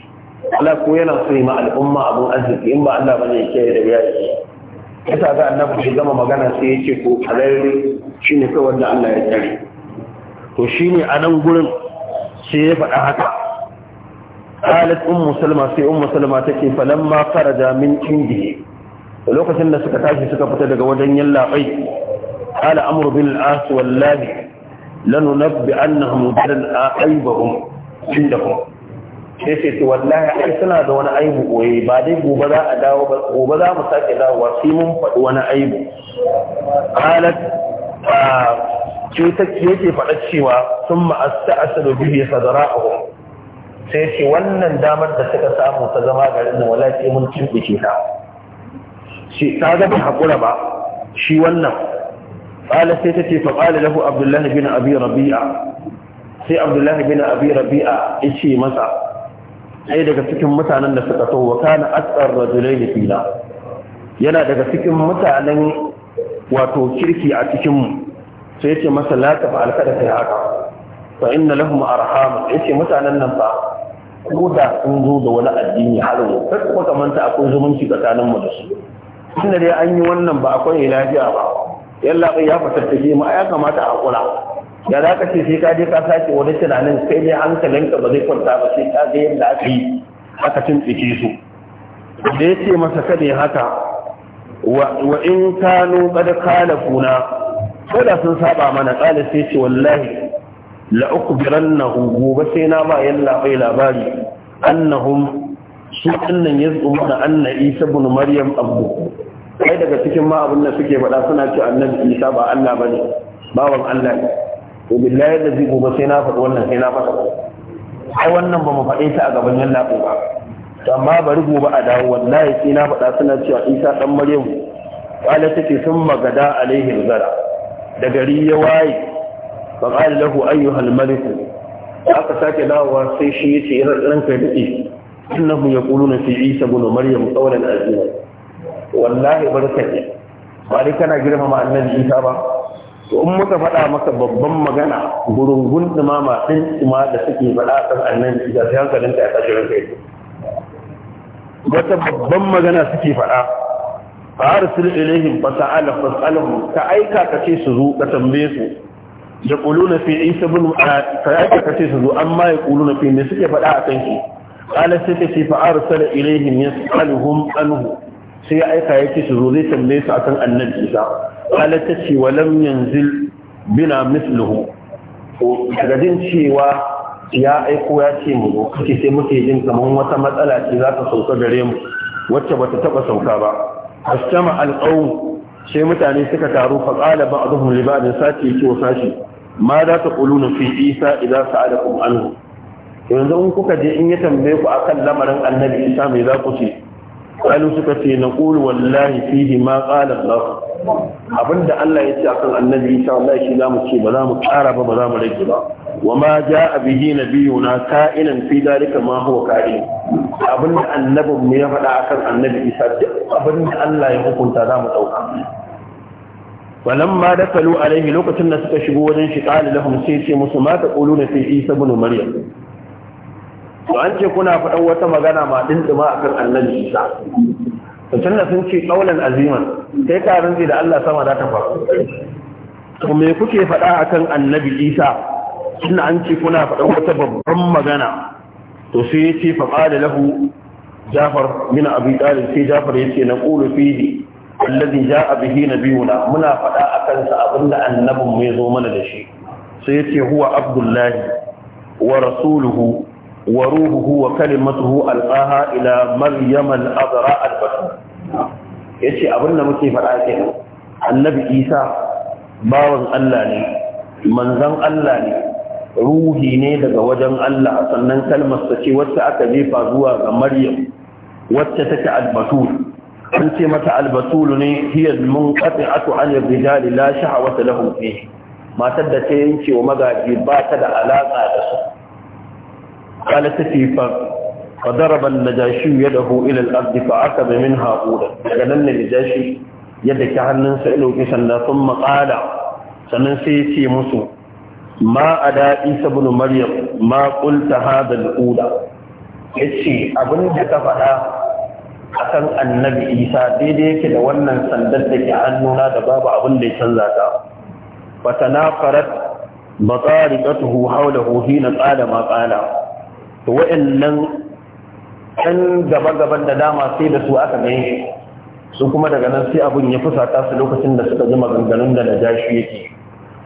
A: Allah ko yana so ma al'umma abun arziki in ba Allah bane ya kiyaye da yayi yasa ga annabi shi gama magana sai ya ce ko halalli shine kai wanda Allah ya tsare to shine a nan gurin Shi ya faɗa haka qalat ummu salma sai ummu salma take falamma faraja min indihi lokacin da suka tashi suka fita daga wajen yallabai qala amru bil as wallahi lanunabbi annahum bidan aibahum indahum sai sai to wallahi ai suna da wani aibu koyi ba dai gobe za a dawo ba gobe za mu sake dawowa sai mun faɗi wani aibu qalat ah, ce take yake faɗa cewa sun ma'asta asalu bihi sadara'uhum sai ce wannan damar da suka samu ta zama garin da walaki mun cimbice ta shi ta ga ba hakura ba shi wannan qala sai ta ce fa qala lahu Abdullahi bin abi rabi'a sai Abdullahi bin abi rabi'a ya ce masa sai daga cikin mutanen da suka tawo kana asar da fina yana daga cikin mutanen wato kirki a cikinmu. sai yace masa la ta fa'al kada kai haka fa inna lahum arham yace mutanen nan fa ko da sun zo da wani addini har yau kar kuma kamanta akwai zumunci tsakanin mu da su tunda dai an yi wannan ba akwai lafiya ba yalla ya fatattake mu ya kamata a kula ya za ka ce sai ka je ka sake wani tunanin sai dai hankalinka ba zai kwanta ba sai ka ga yadda aka yi aka tuntsike su da yace ce masa kada haka wa in kanu kada kalafuna ko da sun saba mana kala sai ce wallahi la ukbirannahu gobe sai na ba yalla bai labari annahum su annan yazumuna anna isa ibn maryam abdu Sai daga cikin ma abun da suke faɗa suna ce annabi isa ba Allah bane bawan Allah ne to billahi da zigo ba sai na faɗi wannan sai na faɗa ai wannan ba mu faɗe ta a gaban yalla ba to amma bari gobe a dawo wallahi sai na faɗa suna cewa isa dan maryam qala take sun magada alaihi zara da gari ya waye ba ba ƙali lahu ayyuhal maliku aka sake dawowa sai shi ya ce yana tsirin kai dade innahu yaquluna fi isa ibn maryam qawlan azima wallahi bar barkati ba dai kana girmama annabi isa ba to in muka faɗa maka babban magana gurungun dumama din tsima da suke faɗa a kan annabi isa sai hankalin ka ya tashi ranka wata babban magana suke faɗa fa arsil ilaihim fa ta'ala fas'alhum ta aika ka ce su zo ka tambaye su Da ya quluna fi isa ibn ka aika ka ce su zo amma ya quluna fi ne suke faɗa a kan shi qala sai ka ce fa ya ilaihim yas'aluhum anhu sai ya aika ya ce su zo zai tambaye su akan annan isa qala ta ce wa lam yanzil bina misluhu daga jin cewa ya aiko ya ce mu zo kace sai muke jin kamar wata matsala ce za ta sauka gare mu wacce ba ta taba sauka ba fastama alƙawu, sai mutane suka taru fa ba a li ba'd sati yake sashi. ma za ta quluna fi isa idza sa'alakum anhu yanzu in kuka je in ya tambaye ku akan lamarin annabi isa me za ku ce qalu suka ce naqulu wallahi fihi ma qala allah abinda Allah ya ce akan annabi Isa Allah shi zamu ce ba za mu ƙara ba ba za mu rage ba wa ma ja'a bihi nabiyuna ka'inan fi dalika ma huwa ka'in abinda annabin mu ya faɗa akan annabi Isa duk abinda Allah ya hukunta za mu ɗauka. dauka ولما دخلوا عليه لوقت الناس تشبوا وجن شقال لهم سيسي مسما تقولون في isa بن مريم to an ce kuna faɗan wata magana ma dindima akan annabi isa to sun ce ƙaunar azima sai ka da Allah sama za ta faru to me kuke faɗa akan annabi Isa tunda an ce kuna faɗa wata babban magana to sai ya ce faɗa lahu Jafar min Abi Talib sai Jafar ce na qulu fihi alladhi ja'a bihi nabiyuna muna faɗa akan sa abinda annabin mai zo mana da shi sai ce huwa Abdullahi wa rasuluhu وروحه وكلمته ألقاها إلى مريم الأذراء البشر yace abin da muke faɗa kenan annabi isa bawan allah ne manzon allah ne ruhi ne daga wajen allah sannan kalmar ta ce wacce aka jefa zuwa ga maryam wacce take albatul an ce mata albatul ne hiya munqati'atu an rijali la shahawata lahum fi matar da ta yanke wa magaji ba ta da alaƙa da su قال تتي فضرب النجاشي يده إلى الأرض فعقب منها أولا لأن النجاشي يدك عنن سئلوا كسنا ثم قال سننسيتي مسو ما أدا إيسى بن مريم ما قلت هذا الأولى yace abin da ka faɗa akan annabi isa daidai yake da wannan sandar da ke hannuna da babu abin da ya canza ta fatana farat batariqatuhu hawlahu hina na ma qala to wa'annan ɗan gaba-gaban da dama sai da su aka gani su kuma daga nan sai abin ya fusata su lokacin da suka zama maganganun da najashi yake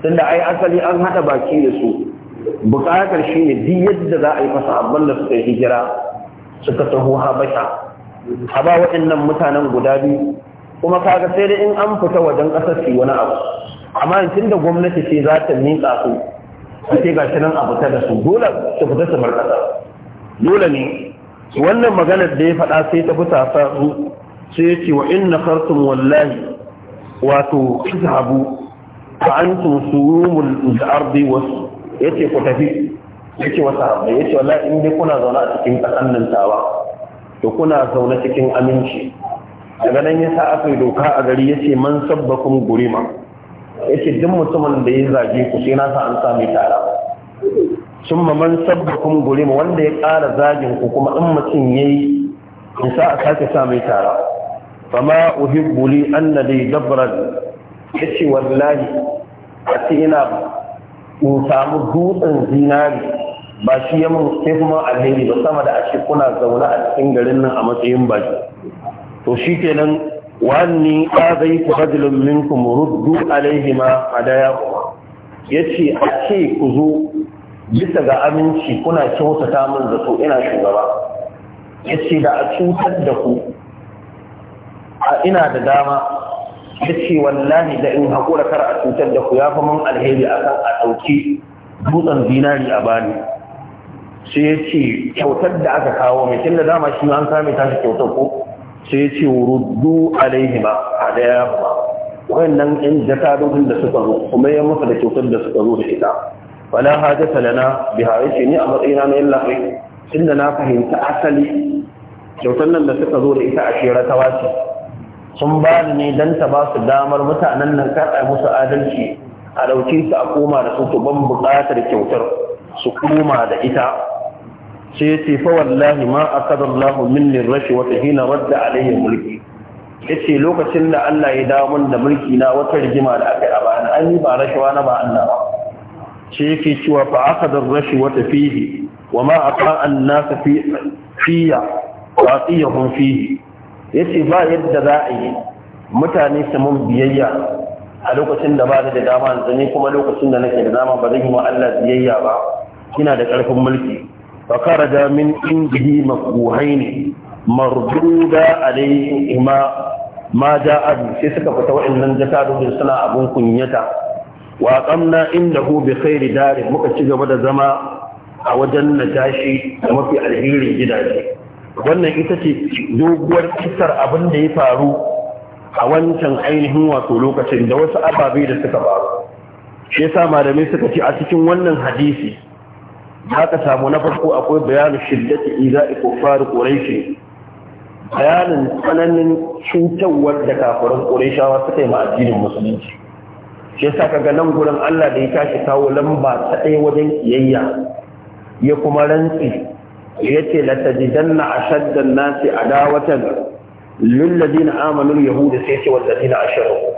A: tun da ai asali an haɗa baki da su buƙatar shi ne duk yadda za a yi masa abin da suka yi hijira suka taho habasha a ba waɗannan mutanen guda biyu kuma kaga sai dai in an fita wajen ƙasar su wani abu amma tun da gwamnati ce za ta miƙa su sai ga shi nan a fita da su dole su fita su bar ƙasa dole ne wannan maganar da ya faɗa sai ta fita sa su sai ya ce wa inna khartum wallahi wato izhabu fa antum surumul ardi wasu yace ku tafi yace wasa sahabbai yace wallahi in dai kuna zaune a cikin kasan nan tawa to kuna zaune cikin aminci daga nan ya sa aka yi doka a gari yace man sabbakum gurima yace duk mutumin da ya zage ku sai na sa an sami tara sun man sabbakun gure wanda ya ƙara zagin ku kuma in mutum ya yi in sa a sake sa mai tara Bama an na dai li ya yace wallahi a ce ina in samu dutsen zinari ba shi ya mun sai kuma alheri ba sama da ashe kuna zaune a cikin garin nan a matsayin baki to shi kenan wani ƙazai ku rajulun minkum ruddu alaihima hadaya ce a ce ku zo bisa ga aminci kuna kyautata min zato ina shugaba ya ce da a cutar da ku a ina da dama ya ce wallahi da in haƙura kar a cutar da ku ya fi mun alheri a kan a ɗauki dutsen zinari a bani sai ya ce kyautar da aka kawo mai tun da dama shi an kame tashi kyautar ko sai ya ce ruddu alaihima a daya ba wayannan yan jakadodin da suka zo kuma ya masa da kyautar da suka zo da ita wala hajata na Bihari ce ni a matsayina na yin kai inda na fahimta asali kyautar nan da suka zo da ita a shera ta wace sun ba ni ne dan ta ba su damar mutanen nan a musu adalci a ɗauke su a koma da su ban buƙatar kyautar su koma da ita sai ce fa wallahi ma akada Allah minni rashi wa tahina radda alayhi mulki ce lokacin da Allah ya dawo min da mulki na wata rigima da aka yi a bana an yi ba rashawa na ba Allah ba shi yake cewa fa aka da rashi wata fihi wa ma aka an nasa fiya wa tsiyahun fihi ya ce ba yadda za a yi mutane su mun biyayya a lokacin da ba da da dama yanzu kuma lokacin da nake da dama ba zan yi wa Allah biyayya ba kina da ƙarfin mulki fa kharaja min indihi maqbuhaini marduda alayhima ma ja'a sai suka fita wa'annan jakadun suna abun kunyata wa na inda hu bi khairi darin muka ci gaba da zama a wajen na tashi da mafi alherin gidaje wannan ita ce doguwar kisar abin da ya faru a wancan ainihin wato lokacin da wasu ababe da suka faru shi yasa malamai suka ci a cikin wannan hadisi za ka samu na farko akwai bayanin shiddati iza'i kuffar quraishi bayanin tsananin cutarwar da kafirin ƙuraishawa suka yi ma addinin musulunci shi yasa kaga nan gurin Allah da ya tashi kawo lamba ta ɗaya wajen kiyayya ya kuma rantsi ya ce latajidanna ashaddan nasi adawatan lilladina amanu yahudu sai ce walladina ashraku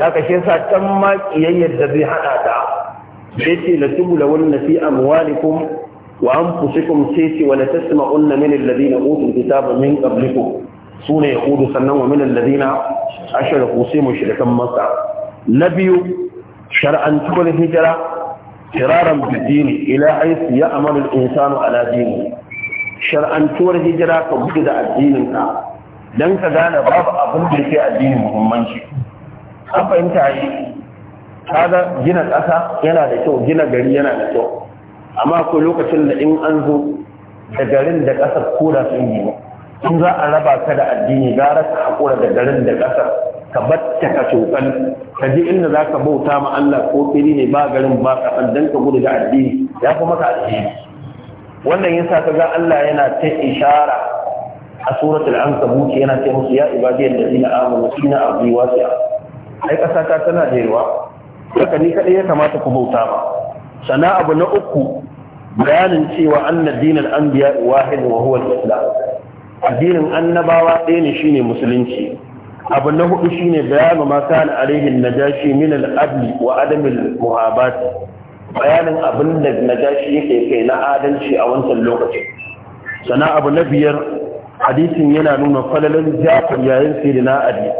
A: haka shi yasa tan ma kiyayyar da zai hada ta sai ce latubula wanna fi amwalikum wa anfusikum sai ce wala tasma'unna min alladina utul kitaba min qablikum sune yahudu sannan wa min alladina ashraku sai mushrikan masa na biyu shar'antuwar hijira kiraran bidini ila aisi ya amalul insanu ala dini shar'antuwar hijira ka gudu da addinin ka don ka gane babu abin da ke addini muhimmanci an fahimta yi kaga gina ƙasa yana da kyau gina gari yana da kyau amma akwai lokacin da in an zo da garin da ƙasar koda sun yi in za a raba ka da addini gara ka haƙura da garin da ƙasar ka batta ka cokan ka ji inda za ka bauta ma Allah ko fili ne ba garin ba kasan dan ka gudu da addini ya kuma ka addini wannan yasa ka ga Allah yana ta ishara a suratul ankabut yana ce musu ya ibadiyal ladina amanu inna abdi wasi'a ai kasa ta tana da yawa haka ni kadai ya kamata ku bauta ba sana abu na uku bayanin cewa anna dinal anbiya wahid wa huwa al-islam addinin annabawa ɗaya ne shine musulunci abu na hudu shine bayanu ma kana alaihin najashi min al-adli wa adam al-muhabat bayanin abin da najashi yake kai na adalci a wancan lokacin sana abu na biyar hadisin yana nuna falalan jafar yayin sirina ali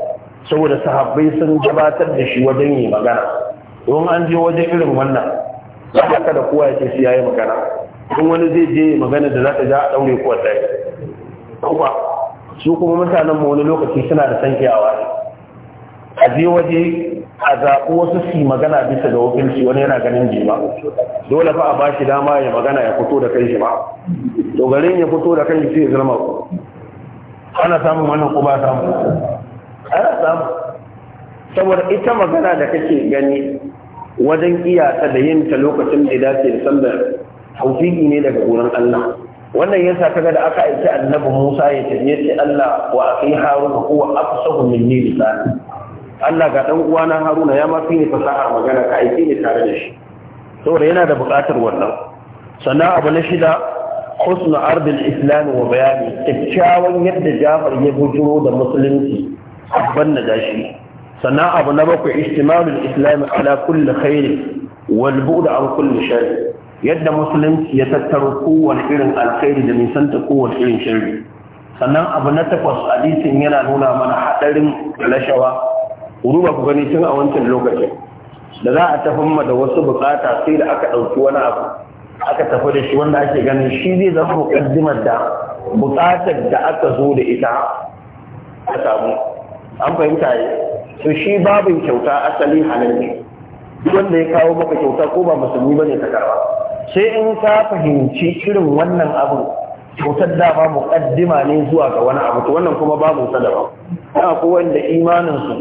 A: saboda sahabbai sun gabatar da shi wajen yi magana don an je wajen irin wannan za ka kada kowa ya ce shi yayi magana in wani zai je magana da za ta ja a daure ko tsaye su kuma mutanen mu wani lokaci suna da san kiyawa a je waje a zaɓi wasu su magana bisa ga wakilci wani yana ganin jima dole fa a ba shi dama ya magana ya fito da kan shi ba to garin ya fito da kan shi, sai ya zama ku ana samun wannan ko ba samu ana samu saboda ita magana da kake gani wajen iyaka da yin ta lokacin da ya dace da sallar haufiki ne daga gurin Allah wannan yasa ta da aka aiki annabi Musa ya ce ce Allah wa haruna Harun huwa afsahu minni lisan Allah ga dan uwana Haruna ya mafi ni fasahar magana ka aiki ne tare da shi saboda yana da buƙatar wannan sannan abu na shida husnu ardil islam wa bayani kyakkyawan yadda Jafar ya bujuro da musulunci abban najashi sannan abu na bakwai istimalul islam ala kulli khair wal bu'd an kulli shari yadda musulunci ya tattaro kowane irin alkhairi da nisanta kowane irin shirri sannan abu na takwas hadisin yana nuna mana haɗarin rashawa ku ba ku gani tun a wancan lokacin da za a tafi da wasu bukata sai da aka ɗauki wani abu aka tafi da shi wanda ake ganin shi zai zama mukaddimar da bukatar da aka zo da ita a samu an fahimta yi to shi babin kyauta asali halin ne duk wanda ya kawo maka kyauta ko ba musulmi bane ta karba sai in ka fahimci irin wannan abu cutar mu muƙaddima ne zuwa ga wani abu to wannan kuma babu ta ba. ya ko wanda imanin su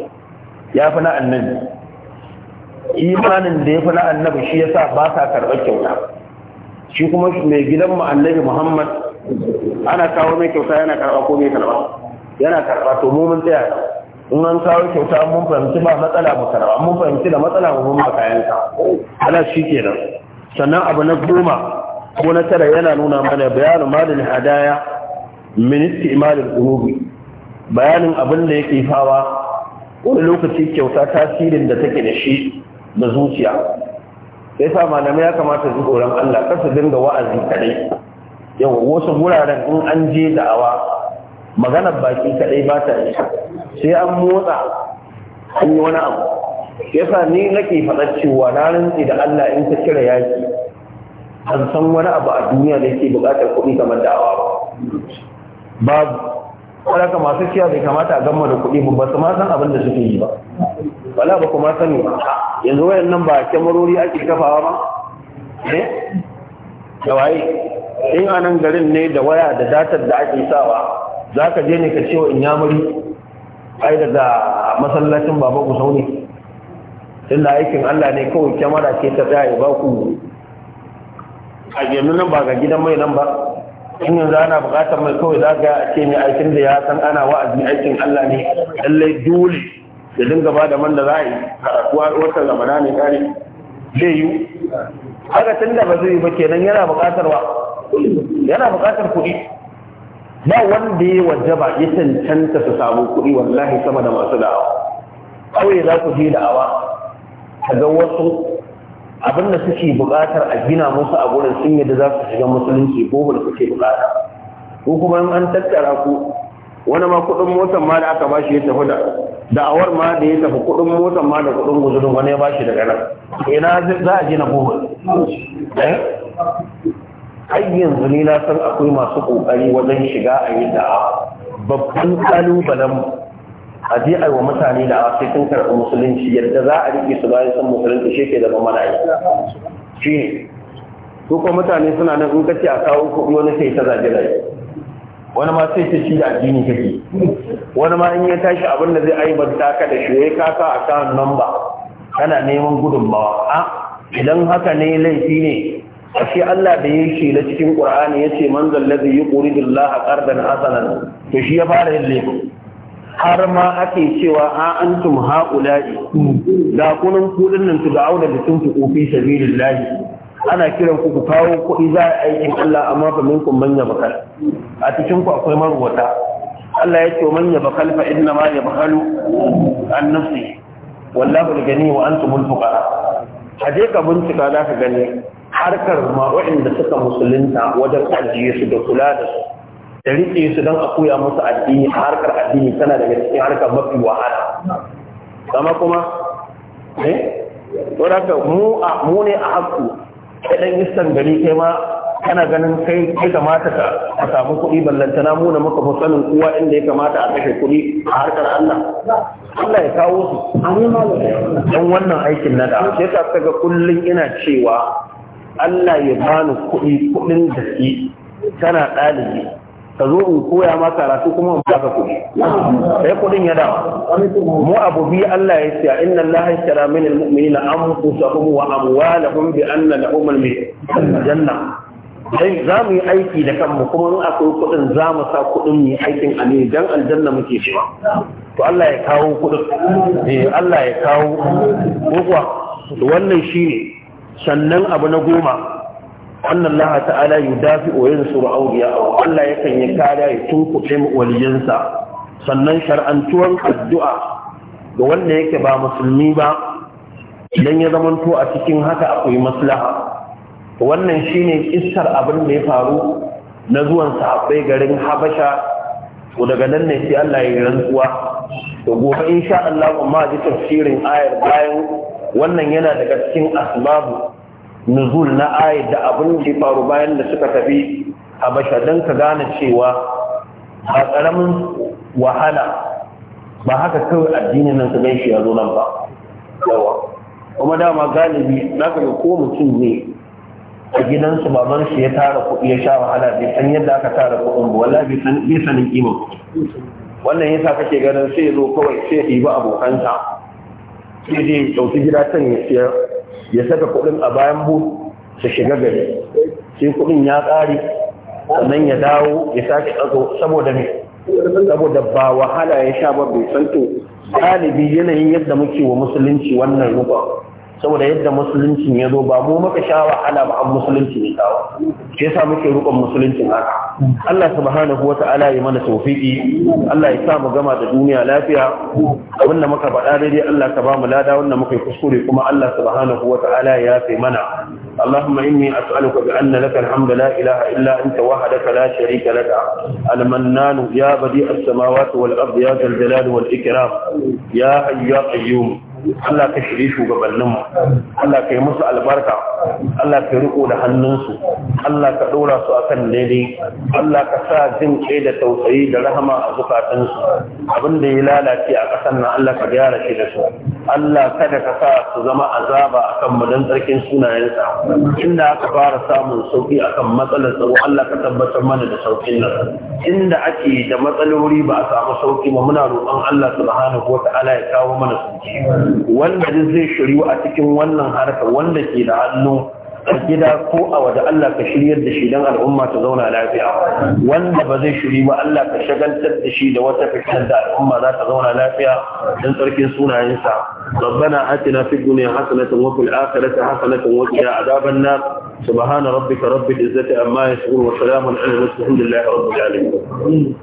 A: ya fi na annabi imanin da ya fi na annabi shi yasa ba sa karɓar kyauta shi kuma mai gidan mu annabi Muhammad ana kawo mai kyauta yana karɓa ko mai karɓa yana karɓa to mu mun tsaya in an kawo kyauta mun fahimci ba matsala mu karɓa mun fahimci da matsala mu mun ba kayan ka ana shi kenan sannan abu na goma ko na tara yana nuna mana bayanin malin hadaya ministi imalin urubi bayanin abin da yake fawa wani lokaci kyauta tasirin da take da shi da zuciya sai sa malamai ya kamata su tsoron Allah kasa su dinga wa'azi kadai Yau, wasu wuraren in an je da'awa magana baki kadai ba ta sai an motsa an yi wani abu yasa ni nake faɗa cewa na rantsi da Allah in ka kira yaki an san wani abu a duniya da yake buƙatar kuɗi kamar da'awa ba babu ka masu cewa bai kamata a gama da kuɗi ba su ma san abin da suke yi ba wala ba kuma sani ba yanzu wayannan ba kyamarori ake kafawa ba eh da waye in anan garin ne da waya da datar da ake sawa za ka je ne ka ce wa in yamuri ai daga masallacin baba ku ne tun da aikin Allah ne kawai kyamara ke ta tsaye ba ku a yanzu nan ba ga gidan mai nan ba in yanzu ana buƙatar mai kawai za ga ce mai aikin da ya san ana wa'azi aikin Allah ne lallai dole da dinga ba da man da za a yi karatuwa watan zamana ne kare zai yi haka tunda ba zai yi ba kenan yana buƙatar wa yana buƙatar kuɗi ba wanda ya wajaba ya cancanta su samu kuɗi wallahi sama da masu da'awa kawai za ku je da'awa ga wasu abin da suke buƙatar a gina musu a gurin sun yadda za su shiga musulunci ko da suke buƙata ko kuma in an tattara ku wani ma kuɗin motar ma da aka ba shi ya tafi da da'awar ma da ya tafi kuɗin motar ma da kuɗin guzurin wani ya ba shi daga nan ina za a gina bohol eh? Ai yanzu ni na san akwai masu ƙoƙari wajen shiga a yi da'a babban ƙalubalen a je a wa mutane da sai sun karɓi musulunci yadda za a riƙe su bayan san musulunci shi ke zama mara'i shi ne su kuma mutane suna nan in kace a kawo kuɗi wani sai ta zage zage wani ma sai ta ci da addini kake wani ma in ya tashi abin da zai aibanta ka da shi ka ka a kan namba kana neman gudunmawa a idan haka ne laifi ne ashe Allah da yake na cikin Qur'ani ce manzon zallazi yuqridu Allah qardan hasanan to shi ya fara yin laifi har ma ake cewa a antum haula'i da kunun kudin nan su ga da'auna da sun fi ofi sabilillahi ana kiran ku ku kawo kuɗi za a aikin Allah amma fa minkum man yabakal a cikin ku akwai marwata Allah ya ce man yabakal fa inna ma yabakalu an nafsi wallahu al-gani wa antumul fuqara aje ka bincika za ka gani harkar ma da suka musulunta wajen ajiye su da kula da su da riƙe su don a koya musu addini a harkar addini tana daga cikin harkar mafi wahala kama kuma ne? Eh? wadda mu a mu ne a haku kaɗan istan gani kai ma kana ganin kai kai kamata ka a samu kuɗi ballantana mu muna muka fi kuwa uwa inda ya kamata a kashe kuɗi a harkar Allah Allah ya kawo su don wannan aikin na da sai ka ga kullum ina cewa Allah ya bani kuɗi kuɗin da tana ɗalibi ka zo in koya ma karatu kuma in baka kuɗi sai kuɗin ya dawa mu abu biyu Allah ya ce inna Allah yashara min almu'minina anfusahum wa amwalahum bi anna lahum aljanna dai za mu yi aiki da kanmu kuma in akwai kuɗin za mu sa kuɗin mu aikin alheri dan aljanna muke cewa to Allah ya kawo kuɗin eh Allah ya kawo ko kuwa wannan shine sannan abu na goma Wannan laha ta'ala yi dafi oyin su ra'auriya Allah yakan yi kariya ya tunkuɗe waliyansa sannan shar'antuwan addu'a ga wanda yake ba musulmi ba idan ya zamanto a cikin haka akwai maslaha wannan shine kissar abin da ya faru na zuwan sahabbai garin habasha to daga nan ne sai Allah ya rantsuwa to gobe insha Allah amma ji tafsirin ayar bayan wannan yana daga cikin asbabu nuzul na ayat da abun da faru bayan da suka tafi habasha don ka gane cewa ba karamin wahala ba haka kawai addinin nan ka ganshi ya zo nan ba yawa kuma dama galibi za ga ko mutum ne a gidansu baban shi ya tara kuɗi ya sha wahala bai san yadda aka tara kuɗin ba wallahi bai san bai sanin kima wannan yasa kake ganin sai ya zo kawai sai ya ɗiba abokansa sai dai ɗauki gida can ya siyar ya saka kuɗin a bayan bu su shiga gari sai kuɗin ya ƙare sannan ya dawo ya sake tsako saboda ne saboda ba wahala ya sha ba bai san galibi yanayin yadda muke wa musulunci wannan rubar saboda yadda musuluncin ya zo ba mu maka sha wahala ba an musulunci ne kawo shi yasa muke rukun musuluncin haka Allah subhanahu wa ta'ala ya mana tawfiki Allah ya sa mu gama da duniya lafiya da muka faɗa daidai Allah ka ba mu lada wanda muka yi kuskure kuma Allah subhanahu wa ta'ala ya yafe mana اللهم إني أسألك بأن لك illa لا إله إلا أنت وحدك لا شريك ya badi يا بديع السماوات والأرض يا ذا الجلال والإكرام يا حي يا قيوم Allah ka shirye shugabannin mu Allah ka yi musu albarka Allah ka riko da hannunsu Allah ka ɗora su a kan daidai Allah ka sa jin kai da tausayi da rahama a zukatansu abin da ya lalace a ƙasar nan Allah ka gyara shi da su Allah kada ka sa su zama azaba akan mu don tsarkin sunayensa inda aka fara samun sauki akan matsalar tsaro Allah ka tabbatar mana da saukin nan inda ake da matsaloli ba a samu sauki ba muna roƙon Allah subhanahu wata'ala ya kawo mana sauki wanda zai shiryu a cikin wannan harka wanda ke da hannu a gida ko a waje Allah ka shiryar da shi don al'umma ta zauna lafiya wanda ba zai shiri ba Allah ka shagaltar da shi da wata fitar da al'umma za ta zauna lafiya don tsarkin sunayensa ربنا آتنا في الدنيا حسنة وفي الآخرة حسنة وقنا عذاب النار سبحان ربك رب العزة عما يصفون وسلام على المرسلين الحمد لله رب العالمين